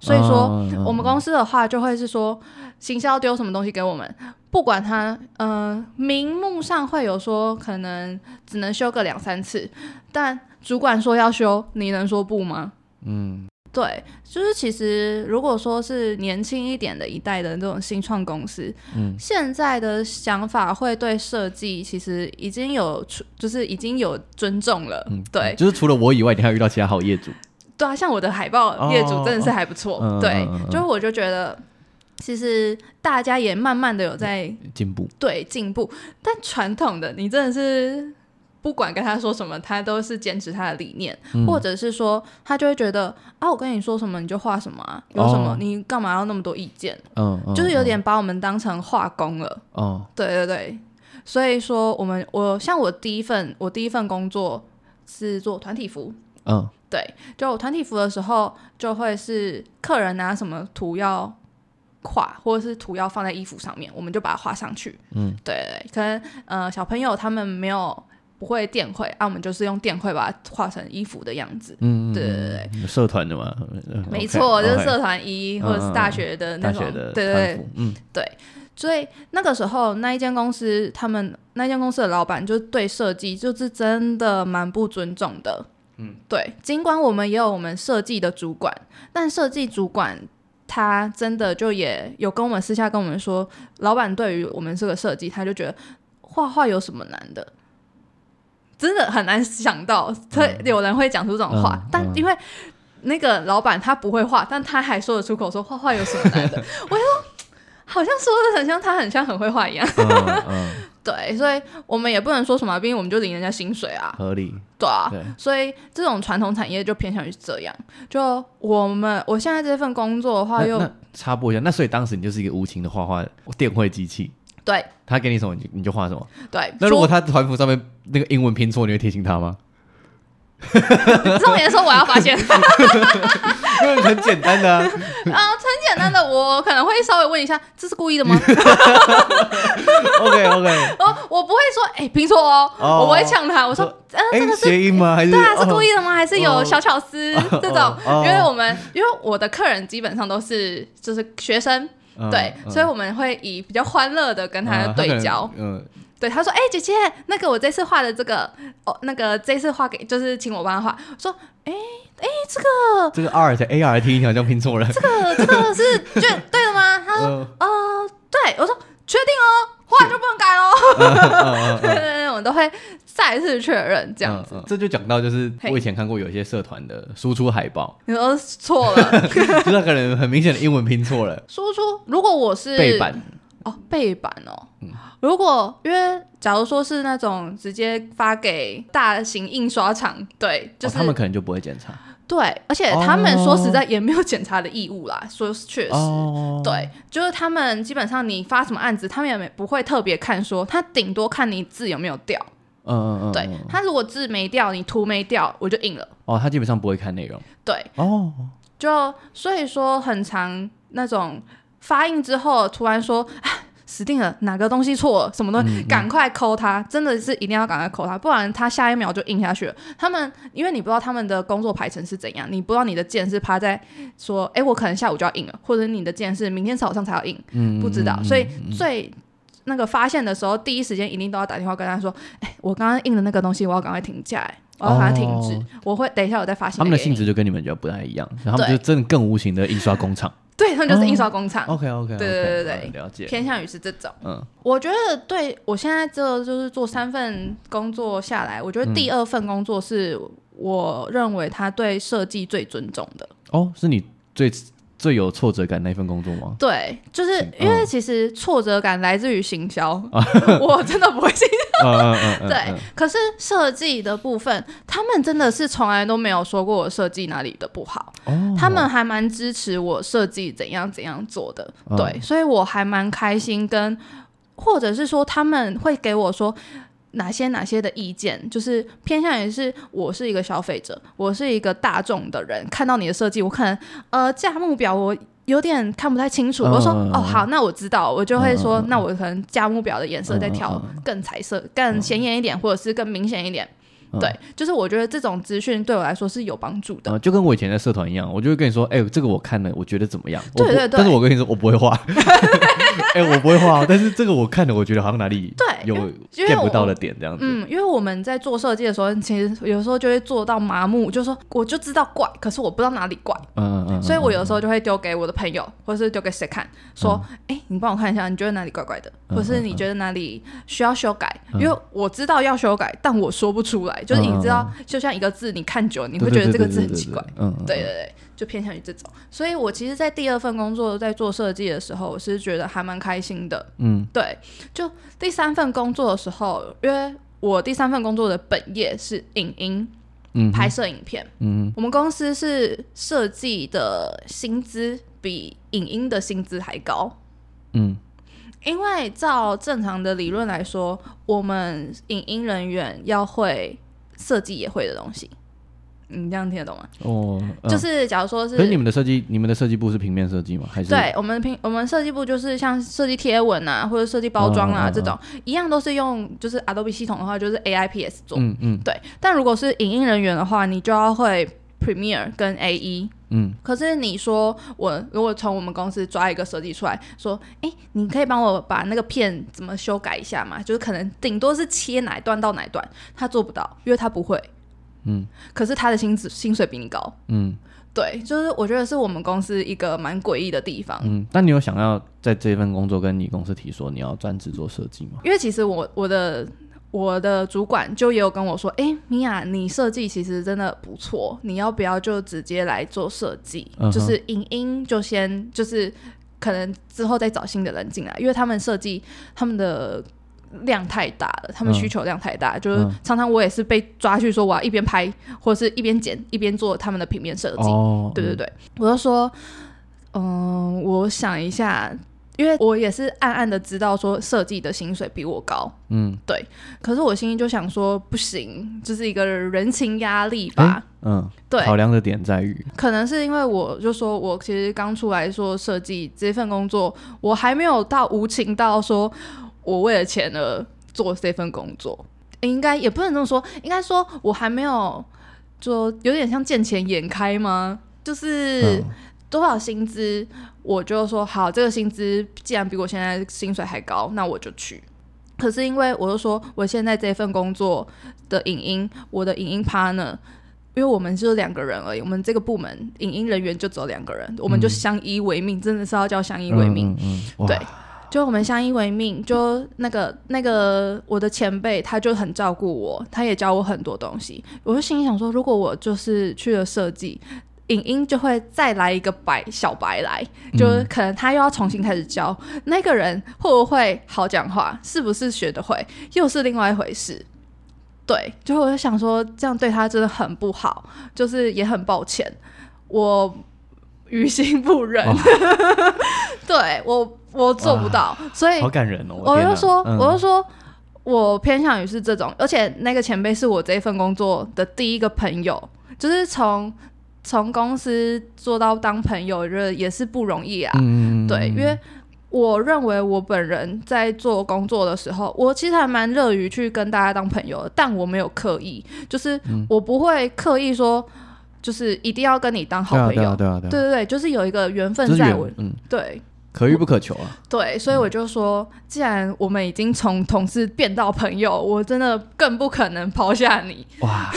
S2: 所以說哦哦哦，我們公司的話就會是說行銷丟什麼東西給我們，不管他，嗯、呃，名目上會有說可能只能修個兩三次，但主管說要修，你能說不嗎？嗯。對，就是其實如果說是年輕一點的一代的這種新創公司，嗯，現在的想法會對設計其實已經有，就是已經有尊重了，嗯，對，就是
S1: 除了我以外，你還有遇到其他好業主？
S2: 對啊，像我的海報、哦、業主真的是還不錯，哦、對，嗯、就是我就覺得、嗯、其實大家也慢慢的有在進步，對，進步，但傳統的你真的是。不管跟他說什麼，他都是堅持他的理念，嗯、或者是說他就會覺得啊，我跟你說什麼你就畫什麼啊，有什麼、oh、你幹嘛要那麼多意見？嗯
S1: ，oh、就是有點
S2: 把我們當成畫工了。Oh、對對對，所以說我們我像我第一份我第一份工作是做團體服，嗯，oh、對，就團體服的時候就會是客人拿什麼圖要畫，或者是圖要放在衣服上面，我們就把它畫上去。嗯，對，對，對，可能呃小朋友他們沒有。不會電繪啊，我們就是用電繪把它畫成衣服的樣子。
S1: 嗯，嗯，對對對，社團的嘛，沒錯，okay, 就是社團衣，或者是大學的那種。啊啊啊啊大學的。對對。嗯，
S2: 對。所以那個時候，那一間公司，他們那一間公司的老闆就對設計就是真的蠻不尊重的。嗯，對。儘管我們也有我們設計的主管，但設計主管他真的就也有跟我們私下跟我們說，老闆對於我們這個設計，他就覺得畫畫有什麼難的？真的很難想到，他有人會講出這種話。嗯、但因為那個老板他不會畫，嗯、但他還說得出口說畫畫有什麼難的？ 我說好像說的很像他很像很會畫一樣。對，所以我們也不能說什麼，畢竟我們就領人家薪水啊，合理。對啊，對所以這種傳統產業就偏向於這樣。就我們我現在這份工作的話又，
S1: 又插播一下，那所以當時你就是一個無情的畫畫電繪機器。對，他給你什麼，你你就畫什麼。對，那如果他團服上面那個英文拼錯，你會提醒他嗎？
S2: 這種時候我要發現， 因為很簡單的啊，uh, 很簡單的，我可能會稍微問一下，這是故意的嗎 ？OK OK，我、uh, 我不會說、欸、拼錯哦，oh, 我不會搶他，我說，哎、oh, 啊，這個諧音嗎？還是對啊，是故意的嗎？還是有小巧思 oh, oh, oh, oh, oh. 這種？因為我們因為我的客人基本上都是就是學生。嗯、對，嗯、所以我們會以比較歡樂的跟他的對焦。嗯，嗯對，他說：“哎、欸，姐姐，那個我這次畫的這個，哦，那個這次畫給就是請我幫他畫，說，哎、欸，哎、欸，這個
S1: 這個 R 的 A R T，一好像拼錯了。
S2: 啊、這個、啊、這個是就 對了嗎？他說：，嗯、呃，對，我說確定哦，畫就不能改嘍。 嗯嗯嗯嗯、對對對，我們都會。”再次確認，這樣子，嗯嗯、
S1: 這就講到就是我以前看過有些社團的輸出海報，嘿你
S2: 說錯了，
S1: 那個人很明顯的英文拼錯了。
S2: 輸出如果我是背板哦，背板哦，嗯、如果因為假如說是那種直接發給大型印刷廠，對，就是哦、他們可
S1: 能就不會檢查。
S2: 對，而且他們說實在也沒有檢查的義務啦，哦、說確實、哦、對，就是他們基本上你發什麼案子，他們也沒不會特別看說，說他頂多看你字有沒有掉。
S1: 嗯嗯嗯，對，他
S2: 如果字沒掉，你圖沒掉，我就印了。
S1: 哦，他基本上不會看內容。對，哦，
S2: 就所以說，很常那種發印之後，突然說、啊、死定了，哪個東西錯了，什麼東西趕、嗯嗯、快摳它，真的是一定要趕快摳它，不然他下一秒就印下去了。他們因為你不知道他們的工作排程是怎樣，你不知道你的件是趴在說，哎、欸，我可能下午就要印了，或者你的件是明天早上才要印，嗯嗯不知道，所以最。那個發現的時候，第一時間一定都要打電話跟他說：“哎、欸，我剛剛印的那個東西我，我要趕快停下來，我要把它停止。哦”我會等一下，我再發信。他們的性質
S1: 就跟你們覺得不太一樣，然後對就真的更無形的印刷工廠。
S2: 對，他們就是印刷工廠、哦。OK OK，對,對對對對，了解。偏向於是這種，嗯，我覺得對我現在這就是做三份工作下來，我覺得第二份工作是我認為他對設計最尊重的、
S1: 嗯。哦，是你最。最有挫折感的那份工作嗎？
S2: 對，就是因為其實挫折感來自於行銷，嗯哦、我真的不會行銷。
S1: 對，嗯嗯
S2: 嗯、可是設計的部分，他們真的是從來都沒有說過我設計哪裡的不好，哦、他們還蠻支持我設計怎樣怎樣做的。哦、對，所以我還蠻開心跟，或者是說他們會給我說。哪些哪些的意見，就是偏向於是，我是一個消費者，我是一個大眾的人，看到你的設計，我可能，呃，價目表我有點看不太清楚，我說，哦、哦，好，那我知道，我就會說，哦、那我可能價目表的顏色再調更彩色、哦、更顯眼一點，哦、或者是更明顯一點。嗯、對，就是我覺得這種資訊對我來說是有幫助
S1: 的、嗯。就跟我以前在社團一樣，我就會跟你說：“哎、欸，這個我看了，我覺得怎麼樣？”對對對。但是我跟你說，我不會畫。哎、 欸，我不會畫， 但是這個我看了，我覺得好像哪裡對有見不到的點這樣子。嗯，因
S2: 為我們在做設計的時候，其實有時候就會做到麻木，就說我就知道怪，可是我不知道哪裡怪。嗯嗯，
S1: 嗯所以我
S2: 有時候就會丟給我的朋友，或者是丟給誰看，說：“哎、嗯欸，你幫我看一下，你覺得哪裡怪怪的，或是你覺得哪裡需要修改？嗯嗯、因為我知道要修改，但我說不出來。”就是你知道，uh, 就像一個字，你看久了，你會覺得這個字很奇怪。嗯，對對對，uh, uh, 對對對，就偏向於這種。所以我其實，在第二份工作，在做設計的時候，我是覺得還蠻開心的。嗯，對。就第三份工作的時候，因為我第三份工作的本業是影音，嗯，拍攝影片。嗯，嗯，我們公司是設計的薪資比影音的薪資還高。嗯，因為照正常的理論來說，我們影音人員要會。設計也會的東西，你這樣聽得懂嗎？哦，
S1: 呃、就是假如說是，所以你們的設計，你們的設計部是平面設計嗎？還是對，我
S2: 們平我們設計部就是像設計貼文啊，或者設計包裝啊這種，哦哦哦、一樣都是用就是 Adobe 系統的話，就是 A I P S 做，嗯嗯，嗯對。但如果是影音人員的話，你就要會 Premiere 跟 A E。嗯，可是你說我如果從我們公司抓一個設計出來說，哎、欸，你可以幫我把那個片怎麼修改一下嗎？就是可能頂多是切哪一段到哪一段，他做不到，因為他不會。
S1: 嗯，
S2: 可是他的薪資薪水比你高。嗯，對，就是我覺得是我們公司一個蠻詭異的地方。嗯，
S1: 那你有想要在這份工作跟你公司提說你要專職做設計嗎？因
S2: 為其實我我的。我的主管就也有跟我說：“哎、欸，米婭，你設計其實真的不錯，你要不要就直接來做設計？Uh huh. 就是影音，音就先就是可能之後再找新的人進來，因為他們設計他們的量太大了，他們需求量太大，uh huh. 就是常常我也是被抓去說我要一邊拍或者是一邊剪一邊做他們的平面設計。Uh huh. 對對對，我就說，嗯、呃，我想一下。”因為我也是暗暗的知道說設計的薪水比我高，嗯，對。可是我心裡就想說不行，就是一個人情壓力
S1: 吧，嗯，嗯對。考量的點在於，
S2: 可能是因為我就說我其實剛出來說設計這份工作，我還沒有到無情到說我為了錢而做這份工作，欸、應該也不能這麼說，應該說我還沒有，就有點像見錢眼開嗎？就是多少薪資。嗯我就說好，這個薪資既然比我現在薪水還高，那我就去。可是因為我就說，我現在這份工作的影音，我的影音 partner，因為我們只有兩個人而已，我們這個部門影音人員就只有兩個人，我們就相依為命，嗯、真的是要叫相依為命。嗯嗯、對，就我們相依為命，就那個那個我的前輩他就很照顧我，他也教我很多東西。我就心裡想說，如果我就是去了設計。影音就會再來一個白小白來，就是可能他又要重新開始教、嗯、那個人會不會好講話，是不是學得會，又是另外一回事。對，最後我就想說，這樣對他真的很不好，就是也很抱歉，我於心不忍，哦、 對我我做不到，哇所以好
S1: 感人哦。我又說，嗯、我又說，
S2: 我偏向於是這種，而且那個前輩是我這一份工作的第一個朋友，就是從。從公司做到當朋友，也是不容易啊。嗯、對，因為我認為我本人在做工作的時候，我其實還蠻樂於去跟大家當朋友的，但我沒有刻意，就是我不會刻意說，嗯、就是一定要跟你當好朋友。對啊對啊對啊，對啊。對對對，就是有一個緣分在我。嗯，對。
S1: 可遇不可求啊。
S2: 對，所以我就說，嗯、既然我們已經從同事變到朋友，我真的更不可能拋下你。哇。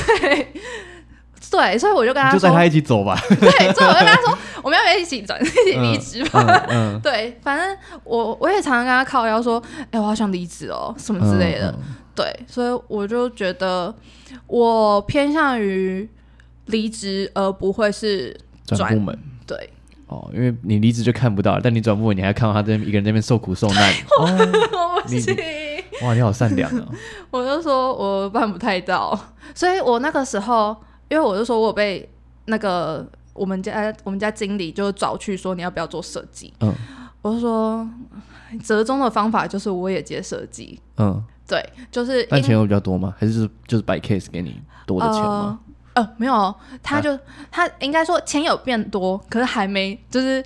S2: 對，所以我就跟他就帶他一起走吧。 對，所以我就跟他說，我們要不要一起轉一起離職吧？嗯嗯嗯、對，反正我我也常常跟他靠腰說，哎、欸，我好想離職哦，什麼之類的。嗯嗯、對，所以我就覺得我偏向於離職，而不會是轉部門。對，
S1: 哦，因為你離職就看不到了，但你轉部門，你還看到他在一個人在那邊受苦受難。
S2: 哈哈、哦，哇，你好善良啊、哦！ 我就說我辦不太到，所以我那個時候。因為我就說，我有被那個我們家我們家經理就找去說，你要不要做設計？嗯，我就說，折中的方法就是我也接設計。
S1: 嗯，
S2: 對，就是但錢有
S1: 比較多嗎？還是就是擺 case 給你多的
S2: 錢嗎？呃，呃，沒有、哦，他就、啊、他應該說錢有變多，可是還沒，就是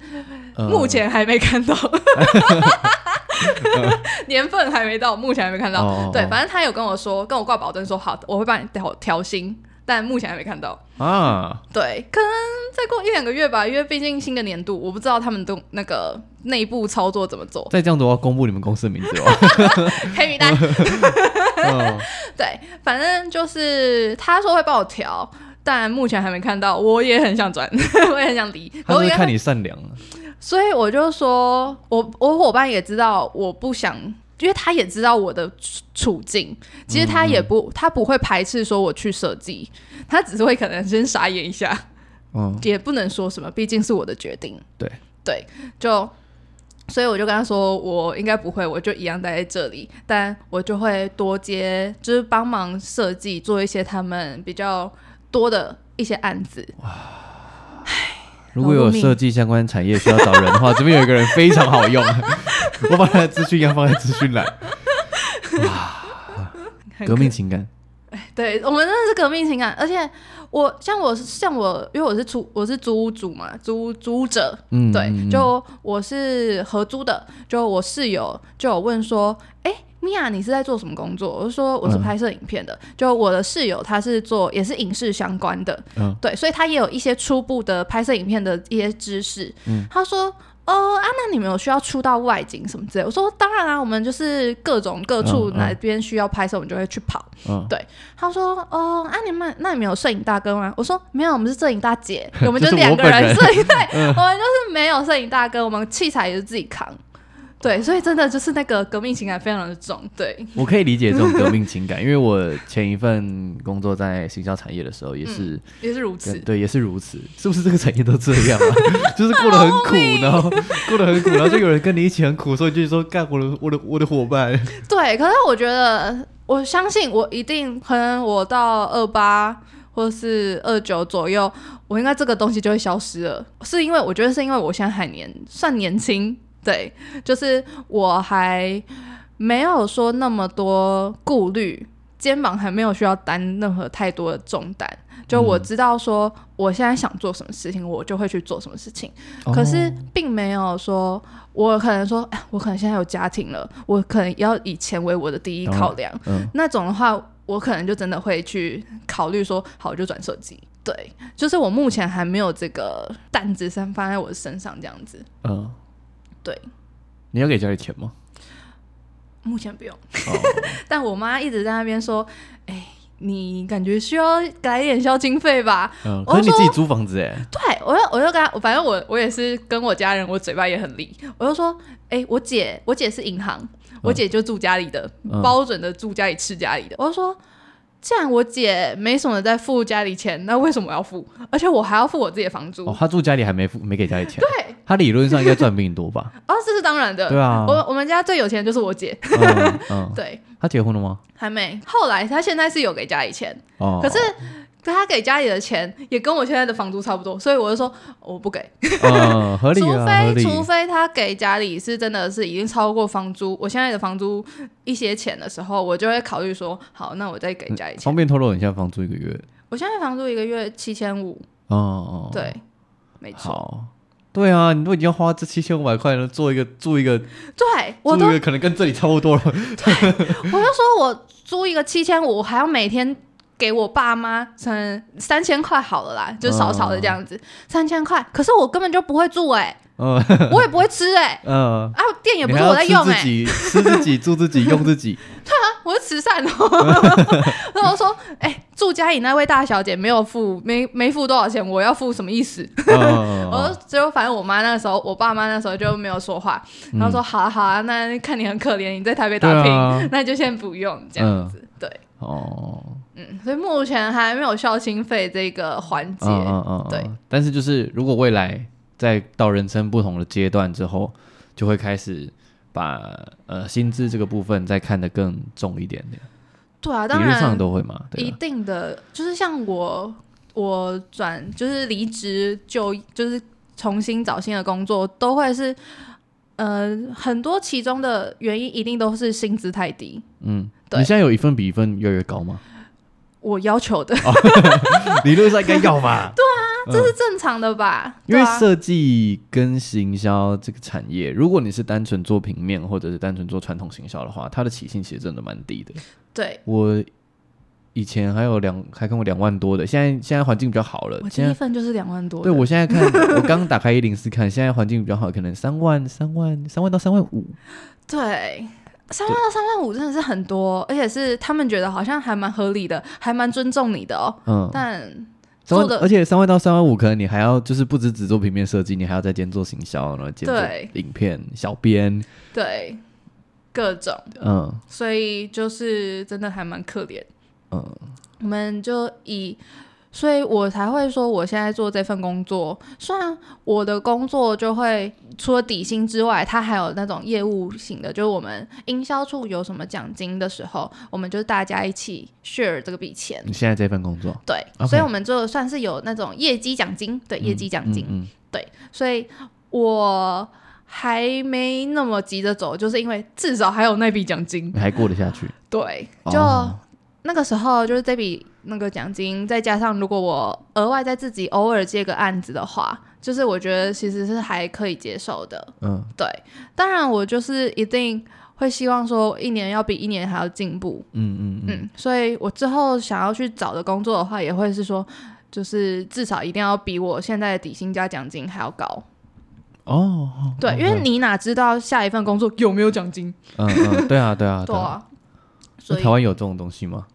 S2: 目前還沒看到、嗯， 年份還沒到，目前還沒看到。哦哦哦哦，對，反正他有跟我說，跟我掛保證說，好，我會幫你調調薪。但目前還沒看到
S1: 啊，
S2: 對，可能再過一兩個月吧，因為畢竟新的年度，我不知道他們都那個內部操作怎麼做。再
S1: 這樣子，我要公布你們公司的名字了，
S2: 黑名單。嗯，對，反正就是他說會幫我調，但目前還沒看到，我也很想轉， 我也很想離。我也看你善良 所以我就說我我伙伴也知道我不想。因為他也知道我的處境，其實他也不，他不會排斥說我去設計，他只是會可能先傻眼一下，嗯，也不能說什麼，畢竟是我的決定，對對，就，所以我就跟他說，我應該不會，我就一樣待在這裡，但我就會多接，就是幫忙設計，做一些他們比較多的一些案子。如果有設
S1: 計相關產業需要找人的話， 這邊有一個人非常好用， 我把他的資訊要放在資訊欄。
S2: 啊，革命情感，對我們真的是革命情感。而且我像我是像我，因為我是租我是租屋主嘛，租租者，嗯，對，就我是合租的，就我室友就有問說，哎、欸。米婭，你是在做什麼工作？我就說，我是拍攝影片的。嗯、就我的室友，他是做也是影視相關的，嗯、對，所以他也有一些初步的拍攝影片的一些知識。嗯、他說：“哦、呃，啊，那你們有需要出到外景什麼之類的？”我說：“當然啊，我們就是各種各處哪邊需要拍攝，嗯嗯、我們就會去跑。嗯”對，他說：“哦、呃，啊，你們那你們有攝影大哥嗎？”我說：“沒有，我們是攝影大姐，我們就是兩個人攝，影， 我們就是沒有攝影大哥，我們器材也是自己扛。”對，所以真的就是那個革命情感非常的重。對，我可以理解這種革命
S1: 情感， 因為我前一份工作在行銷產業的時候也是、嗯、也是如此。對，也是如此，是不是這個產業都這樣？啊？ 就是過得很苦， 然後過得很苦， 然後就有人跟你一起很苦，所以就是說幹活的我的、我的、我的夥伴。
S2: 對，可是我覺得我相信我一定，可能我到二八或是二九左右，我應該這個東西就會消失了。是因為我覺得是因為我現在還年算年輕。對，就是我還沒有說那麼多顧慮，肩膀還沒有需要擔任何太多的重擔。就我知道說，我現在想做什麼事情，我就會去做什麼事情。嗯、可是並沒有說，我可能說，哎，我可能現在有家庭了，我可能要以錢為我的第一考量。嗯嗯、那種的話，我可能就真的會去考慮說，好，我就轉手機。對，就是我目前還沒有這個擔子先放在我的身上這樣子。嗯。
S1: 對，你要給家裡錢嗎？
S2: 目前不用，oh. 但我媽一直在那邊說：“哎、欸，你感覺需要改一點消經費吧？”嗯，
S1: 可是你自己租房子哎，
S2: 對，我就我就跟他反正我我也是跟我家人，我嘴巴也很利，我就說：“哎、欸，我姐我姐是銀行，我姐就住家裡的，嗯、包準的住家裡吃家裡的。”我就說。既然我姐沒什麼在付家裡錢，那為什麼我要付？而且我還要付我自己的房租。她、
S1: 哦、住家裡還沒付，沒給家裡錢。對，她理論上應該賺比你多吧？
S2: 啊、 哦，這是當然的。對啊，我我們家最有錢的就是我姐。 嗯嗯、對，
S1: 她結婚了嗎？
S2: 還沒。後來她現在是有給家裡錢。哦，可是。他給家裡的錢也跟我現在的房租差不多，所以我就說我不給，
S1: 哦、合理啊、除非理除
S2: 非他給家裡是真的是已經超過房租，我現在的房租一些錢的時候，我就會考慮說，好，那我再給家裡錢。
S1: 嗯、方便透露你現在房租一個月？
S2: 我現在房租一個月七千五。
S1: 哦，
S2: 對，哦、沒錯
S1: 錯，對啊，你都已經花這七千五百塊了，做一個租一個，
S2: 對，住一個我
S1: 都可能跟這裡差不多了。 對
S2: 我就說我租一個七千五，還要每天。給我爸媽，三三千塊好了啦，就少少的這樣子，三千塊。可是我根本就不會住哎，我也不會吃哎，
S1: 嗯啊，電也不是我在用哎，吃自己，住自己，用自己。
S2: 對啊，我是慈善。然後說，哎，住家裡那位大小姐沒有付，沒沒付多少錢，我要付什麼意思？我最後反正我媽那時候，我爸媽那時候就沒有說話，然後說，好啊，好啊，那看你很可憐，你在台北打拼，那你就先不用這樣子，對，哦。嗯，所以目前還沒有孝親費這個環節，嗯嗯嗯嗯、
S1: 對。但是就是，如果未來再到人生不同的階段之後，就會開始把呃薪資這個部分再看得更重一點點。對啊，當然理論上都會嘛，對一
S2: 定的，就是像我我轉就是離職就就是重新找新的工作，都會是呃很多其中的原因一定都是薪資太低。嗯，對
S1: 你現在有一份比一份越來越高嗎？
S2: 我要求的，
S1: 哦、 理論上應該要嘛？
S2: 對啊，這是正常的吧？嗯、因為設
S1: 計跟行銷這個產業，如果你是單純做平面，或者是單純做傳統行銷的話，它的起薪其實真的蠻低的。對，我以前還有兩，還看過兩萬多的，現在現在環境比較好了，第一份就是兩萬多。對我現在看，我剛打開一零四看，現在環境比較好，可能三萬、三萬、三萬到三萬五。
S2: 對。三萬到三萬五真的是很多哦，對而且是他們覺得好像還蠻合理的，還蠻尊重你的哦。嗯，但做的而且三
S1: 萬到三萬五，可能你還要就是不止只做平面設計，你還要在兼做行銷，然後兼做影片、對小編編，
S2: 對各種嗯，所以就是真的還蠻可憐。嗯，我們就以。所以我才會說，我現在做這份工作，雖然我的工作就會除了底薪之外，它還有那種業務型的，就是我們營銷處有什麼獎金的時候，我們就是大家一起 share 這筆錢。你
S1: 現在這份工作，
S2: 對，Okay. 所以我們就算是有那種業績獎金，對，嗯、業績獎金，嗯嗯嗯、對，所以我還沒那麼急着走，就是因為至少還有那筆獎金，
S1: 你還過得下去，
S2: 對，就。Oh. 那個時候就是這筆那個獎金，再加上如果我額外再自己偶爾接個案子的話，就是我覺得其實是還可以接受的。嗯，對，當然我就是一定會希望說一年要比一年還要進步。嗯嗯嗯，所以我之後想要去找的工作的話，也會是說就是至少一定要比我現在的底薪加獎金還要高。
S1: 哦，對，哦、因為你
S2: 哪知道下一份工作有沒有獎金？嗯 嗯，嗯，對啊對啊對啊。對啊。台灣
S1: 有這種東西嗎？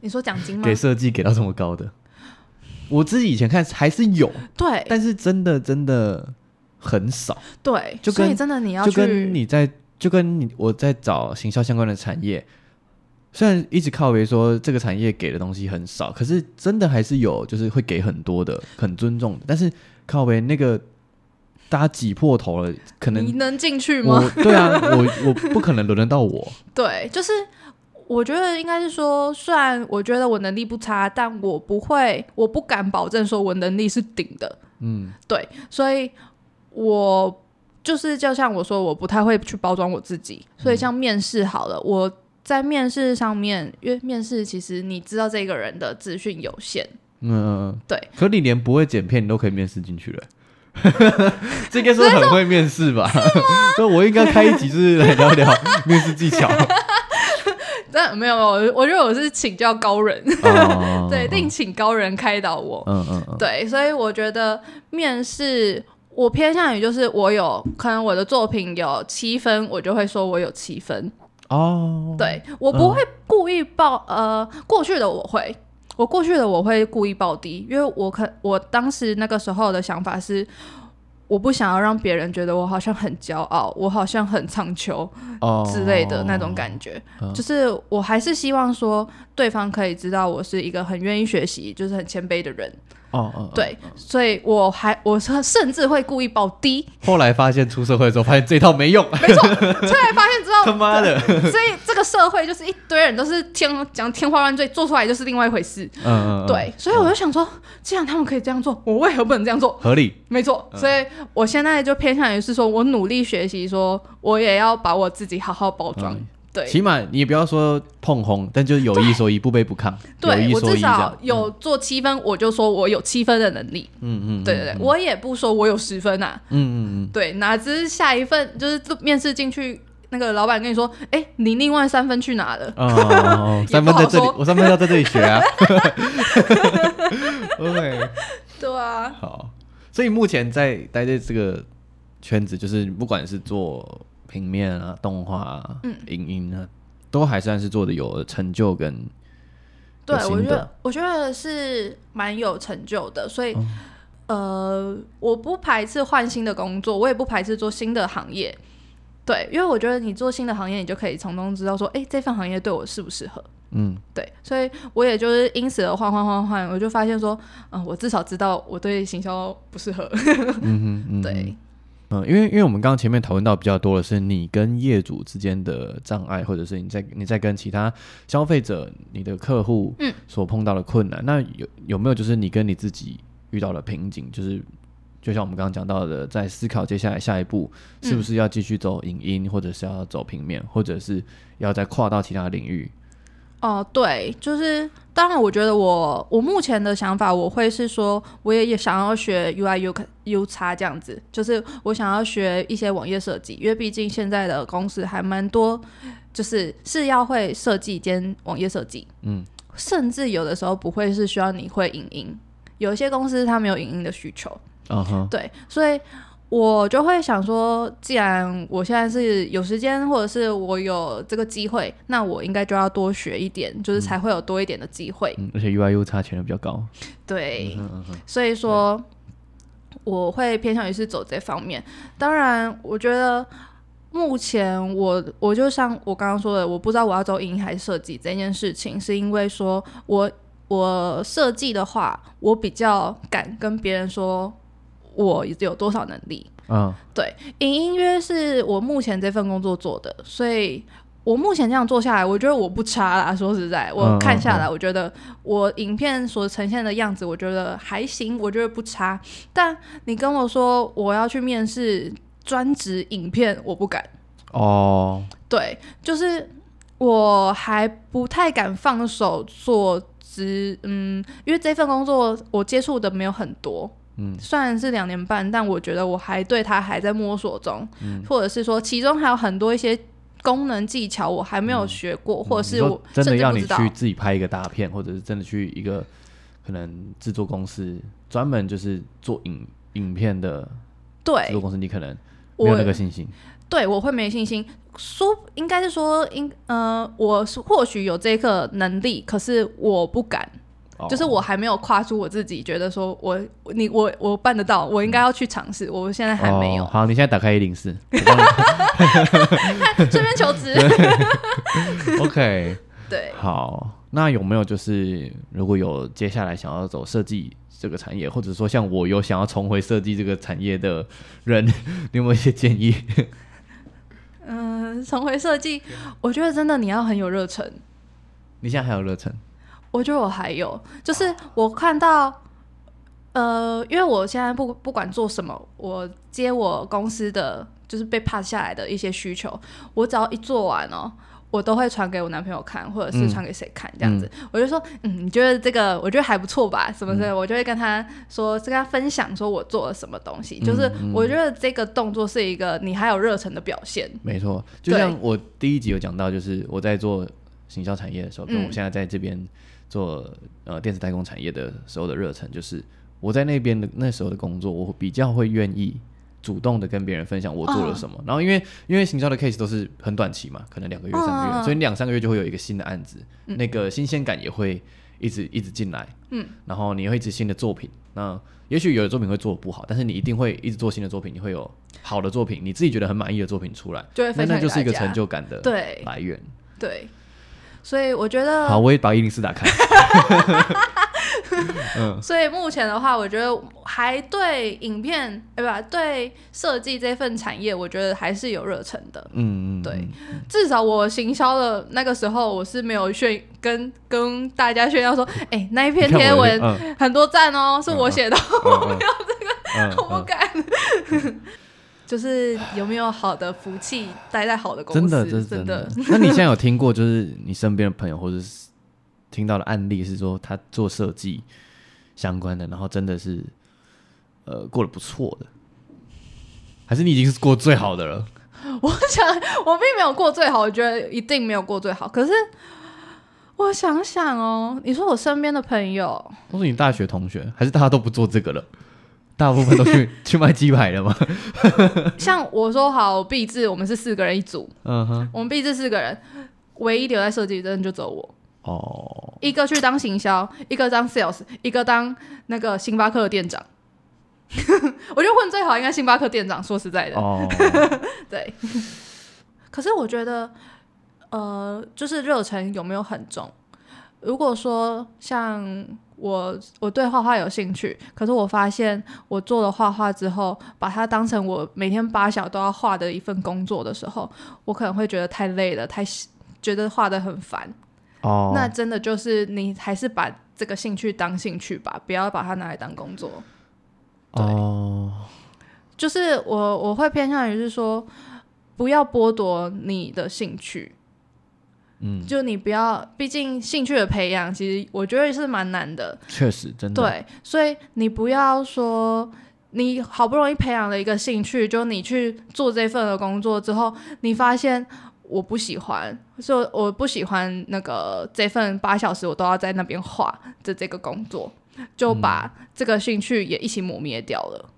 S1: 你說獎金嗎？ 給設計給到這麼高的，我自己以前看還是有，對，但是真的真的很少，
S2: 對，就跟所以真的你要去，跟
S1: 你在就跟你我在找行銷相關的產業，雖然一直靠北說這個產業給的東西很少，可是真的還是有，就是會給很多的，很尊重的，但是靠北那個大家擠破頭了，可能你
S2: 能進去嗎？ 對啊，我我不
S1: 可能輪得到我，
S2: 對，就是。我覺得應該是說，雖然我覺得我能力不差，但我不會，我不敢保證說我能力是頂的。嗯，對，所以我就是就像我說，我不太會去包裝我自己。所以像面試好了，嗯、我在面試上面，因為面試其實你知道這個人的資訊有限。嗯、
S1: 呃，對。可你連不會剪片，你都可以面試進去了、欸，這個是很會面試吧？ 所以，我應該開一集就是來聊聊 面試技巧。
S2: 但沒有，我覺得我是請教高人，oh, oh, oh, oh. 對，另請高人開導我。Oh, oh, oh. 對，所以我覺得面試，我偏向於就是我有可能我的作品有七分，我就會說我有七分。哦、oh, oh.，對我不會故意報、oh. 呃過去的我會，我過去的我會故意報低，因為我可我當時那個時候的想法是。我不想要讓別人覺得我好像很驕傲，我好像很強求、oh. 之類的那種感覺，oh. uh. 就是我還是希望說對方可以知道我是一個很願意學習，就是很謙卑的人。
S1: 哦，oh, uh, uh, uh, uh, 對，
S2: 所以我還我說甚至會故意報低，
S1: 後來發現出社會之後，發現這一套沒用， 沒錯，
S2: 後來發現之後他媽的，所以這個社會就是一堆人都是天講天花亂墜，做出來就是另外一回事，嗯，uh, uh, uh, 對，所以我就想說，uh, 既然他們可以這樣做，我為何不能這樣做？合理，沒錯，所以我現在就偏向於是說我努力學習，說我也要把我自己好好包裝。Uh. 起
S1: 碼你也不要說碰紅，但就有一說一，不卑不亢，有一說一，我至
S2: 少有做七分，我就說我有七分的能力。嗯嗯，對對，我也不說我有十分啊。嗯嗯嗯，對，哪知，下一份就是面試進去，那個老闆跟你說：“哎，你另外三分去哪了？”哦，三分在這裡，我三分要在這裡學啊。對對啊，
S1: 好。所以目前在待在這個圈子，就是不管是做。平面啊，動畫啊，嗯、影音啊，都還算是做的有成就感。
S2: 對，我覺得，我覺得是蠻有成就的，所以、嗯、呃，我不排斥換新的工作，我也不排斥做新的行業。對，因為我覺得你做新的行業，你就可以從中知道說，哎、欸，這份行業對我適不適合。嗯，對，所以我也就是因此而換換換換，我就發現說，嗯、呃，我至少知道我對行銷不適合。 嗯，嗯，對。
S1: 嗯，因為因為我們剛剛前面討論到比較多的是你跟業主之間的障礙，或者是你在你在跟其他消費者、你的客戶所碰到的困難。嗯、那有有沒有就是你跟你自己遇到的瓶頸？就是就像我們剛剛講到的，在思考接下來下一步、嗯、是不是要繼續走影音，或者是要走平面，或者是要再跨到其他領域？
S2: 哦，對，就是當然，我覺得我我目前的想法，我會是說，我也，也想要學 UI UX 這樣子，就是我想要學一些網頁設計，因為畢竟現在的公司還蠻多，就是是要會設計兼網頁設計，嗯，甚至有的時候不會是需要你會影音，有些公司它沒有影音的需求，
S1: 哦、哈對，
S2: 所以。我就會想說，既然我現在是有時間，或者是我有這個機會，那我應該就要多學一點，就是才會有多一點的機會，嗯
S1: 嗯。而且 UI UX 錢的比較高，
S2: 對，嗯，呵呵所以說對我會偏向於是走這方面。當然，我覺得目前我我就像我剛剛說的，我不知道我要走影音還是設計這件事情，是因為說我我設計的話，我比較敢跟別人說。我有多少能力？嗯，對，影音樂是我目前這份工作做的，所以我目前這樣做下來，我覺得我不差啦。說實在，我看下來，我覺得我影片所呈現的樣子，我覺得還行，我覺得不差。但你跟我說我要去面試專職影片，我不敢。
S1: 哦，
S2: 對，就是我還不太敢放手做職，嗯，因為這份工作我接觸的沒有很多。嗯，雖然是兩年半，但我覺得我還對他還在摸索中，嗯、或者是說，其中還有很多一些功能技巧我還沒有學過，嗯、或者是我要、嗯嗯、真的讓你去
S1: 自己拍一個大片，或者是真的去一個可能制作公司專門就是做影影片的，對製作公司。對你可能沒有那個信心，我
S2: 對我會沒信心。說應該是說，應、嗯、呃，我是或許有這一個能力，可是我不敢。就是我還沒有跨出我自己，oh. 覺得說我你我我辦得到，我應該要去嘗試。嗯、我現在還沒
S1: 有。Oh, 好，你現在打開一零四，哈哈 順便求職。 OK， 對，好，那有沒有就是如果有接下來想要走設計這個產業，或者說像我有想要重回設計這個產業的人，你有沒有一些建議？
S2: 嗯、 呃，重回設計，Yeah. 我覺得真的你要很有熱忱。
S1: 你現在還有熱忱？
S2: 我覺得我還有，就是我看到，呃，因為我現在不不管做什麼，我接我公司的就是被 pass 下來的一些需求，我只要一做完哦、喔，我都會傳給我男朋友看，或者是傳給誰看這樣子。嗯、我就說，嗯，你覺得這個我覺得還不錯吧？什麼之類，嗯、我就會跟他說，是跟他分享說我做了什麼東西。就是我覺得這個動作是一個你還有熱忱的表現。
S1: 沒錯，就像我第一集有講到，就是我在做行銷產業的時候，跟、嗯、我現在在這邊。做呃電子代工產業的時候的熱忱，就是我在那邊的那時候的工作，我比較會願意主動的跟別人分享我做了什麼。哦、然後因為因為行銷的 case 都是很短期嘛，可能兩個月三個月，哦、所以你兩三個月就會有一個新的案子，嗯、那個新鮮感也會一直一直進來。嗯，然後你會一直新的作品，那也許有的作品會做的不好，但是你一定會一直做新的作品，你會有好的作品，你自己覺得很滿意的作品出來，那那就是一個成就感的來源。對。
S2: 對所以我覺得好，我
S1: 也把一零四打開。
S2: 所以目前的話，我覺得還對影片，對設計這份產業，我覺得還是有熱忱的。嗯對，至少我行銷的那個時候，我是沒有炫跟跟大家炫耀說，哎，那一篇天文很多讚哦，是我寫的，我沒有這個，我不敢。就是有沒有好的福氣待在好的公司？真的，真的。真的，那你現在有
S1: 聽過，就是你身邊的朋友，或者是聽到的案例，是說他做設計相關的，然後真的是呃過得不錯的，還是你已經是過最好的
S2: 了？我想，我並沒有過最好，我覺得一定沒有過最好。可是我想想哦，你說我身邊的朋友，
S1: 我說你大學同學，還是大家都不做這個了？大部分都去 去賣雞排了嗎？
S2: 像我說好畢製，我們是四個人一組。嗯哼，我們畢製四個人，唯一留在設計的人就走我。哦，一個去當行銷，一個當 sales，一個當那個星巴克的店長。 我覺得混最好應該星巴克店長。說實在的，哦、 對。 可是我覺得，呃，就是熱忱有沒有很重？如果說像。我我對畫畫有興趣，可是我發現我做了畫畫之後，把它當成我每天八小都要畫的一份工作的時候，我可能會覺得太累了，太覺得畫得很煩。
S1: 哦，oh. 那真
S2: 的就是你還是把這個興趣當興趣吧，不要把它拿來當工作。對
S1: ，oh.
S2: 就是我我會偏向於是說，不要剝奪你的興趣。嗯，就你不要，畢竟興趣的培養，其實我覺得是蠻難的。確實，真的。對，所以你不要說，你好不容易培養了一個興趣，就你去做這份的工作之後，你發現我不喜歡，所以我不喜歡那個這份八小時我都要在那邊畫的這個工作，就把這個興趣也一起磨滅掉了。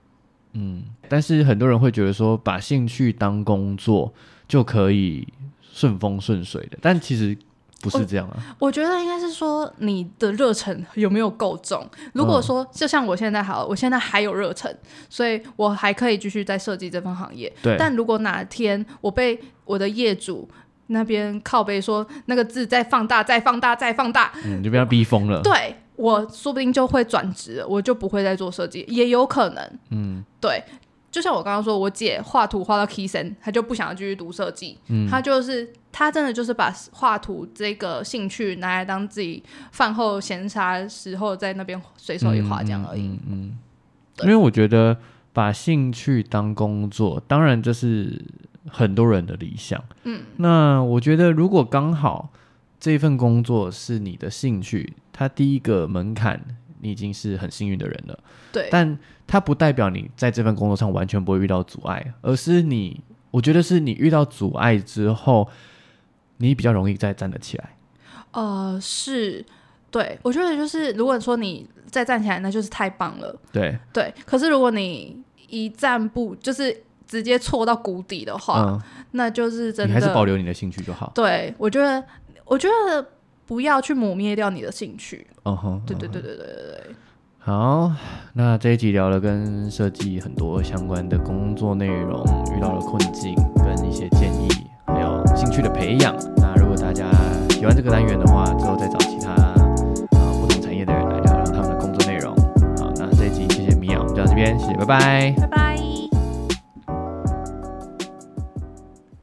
S2: 嗯，
S1: 嗯，但是很多人會覺得說，把興趣當工作就可以順風順水的，但其實不是這樣啊。
S2: 我，我覺得應該是說，你的熱忱有沒有夠重。如果說就像我現在，好了，我現在還有熱忱，所以我還可以繼續在設計這份行業。對但如果哪天我被我的業主那邊靠背說那個字再放大、再放大、再放大，
S1: 你、嗯、就被他逼瘋了。對，
S2: 我說不定就會轉職，我就不會再做設計，也有可能。嗯，對。就像我剛剛說，我姐畫圖畫到起笑，她就不想要繼續讀設計，嗯、她就是她真的就是把畫圖這個興趣拿來當自己飯後閒暇時候在那邊隨手一畫這樣而已。嗯，嗯，嗯
S1: 對因為我覺得把興趣當工作，當然這是很多人的理想。嗯，那我覺得如果剛好這份工作是你的興趣，它第一個門檻。你已經是很幸運的人了，對，但他不代表你在這份工作上完全不會遇到阻礙，而是你，我覺得是你遇到阻礙之後，你比較容易再站得起來。
S2: 呃，是，對我覺得就是，如果你說你再站起來，那就是太棒了。對，對，可是如果你一站不，就是直接挫到谷底的話，嗯、那就是真的。你還是保留你的興趣就好。對，我覺得，我覺得。不要去抹滅掉你的興趣。
S1: 哦吼，對對
S2: 對對對對對。
S1: 好，那這一集聊了跟設計很多相關的工作內容，遇到了困境跟一些建議，還有興趣的培養。那如果大家喜歡這個單元的話，之後再找其他不同產業的人來聊，聊他們的工作內容。好，那這一集謝謝米婭，我們就到這邊，謝謝，拜拜。拜
S2: 拜。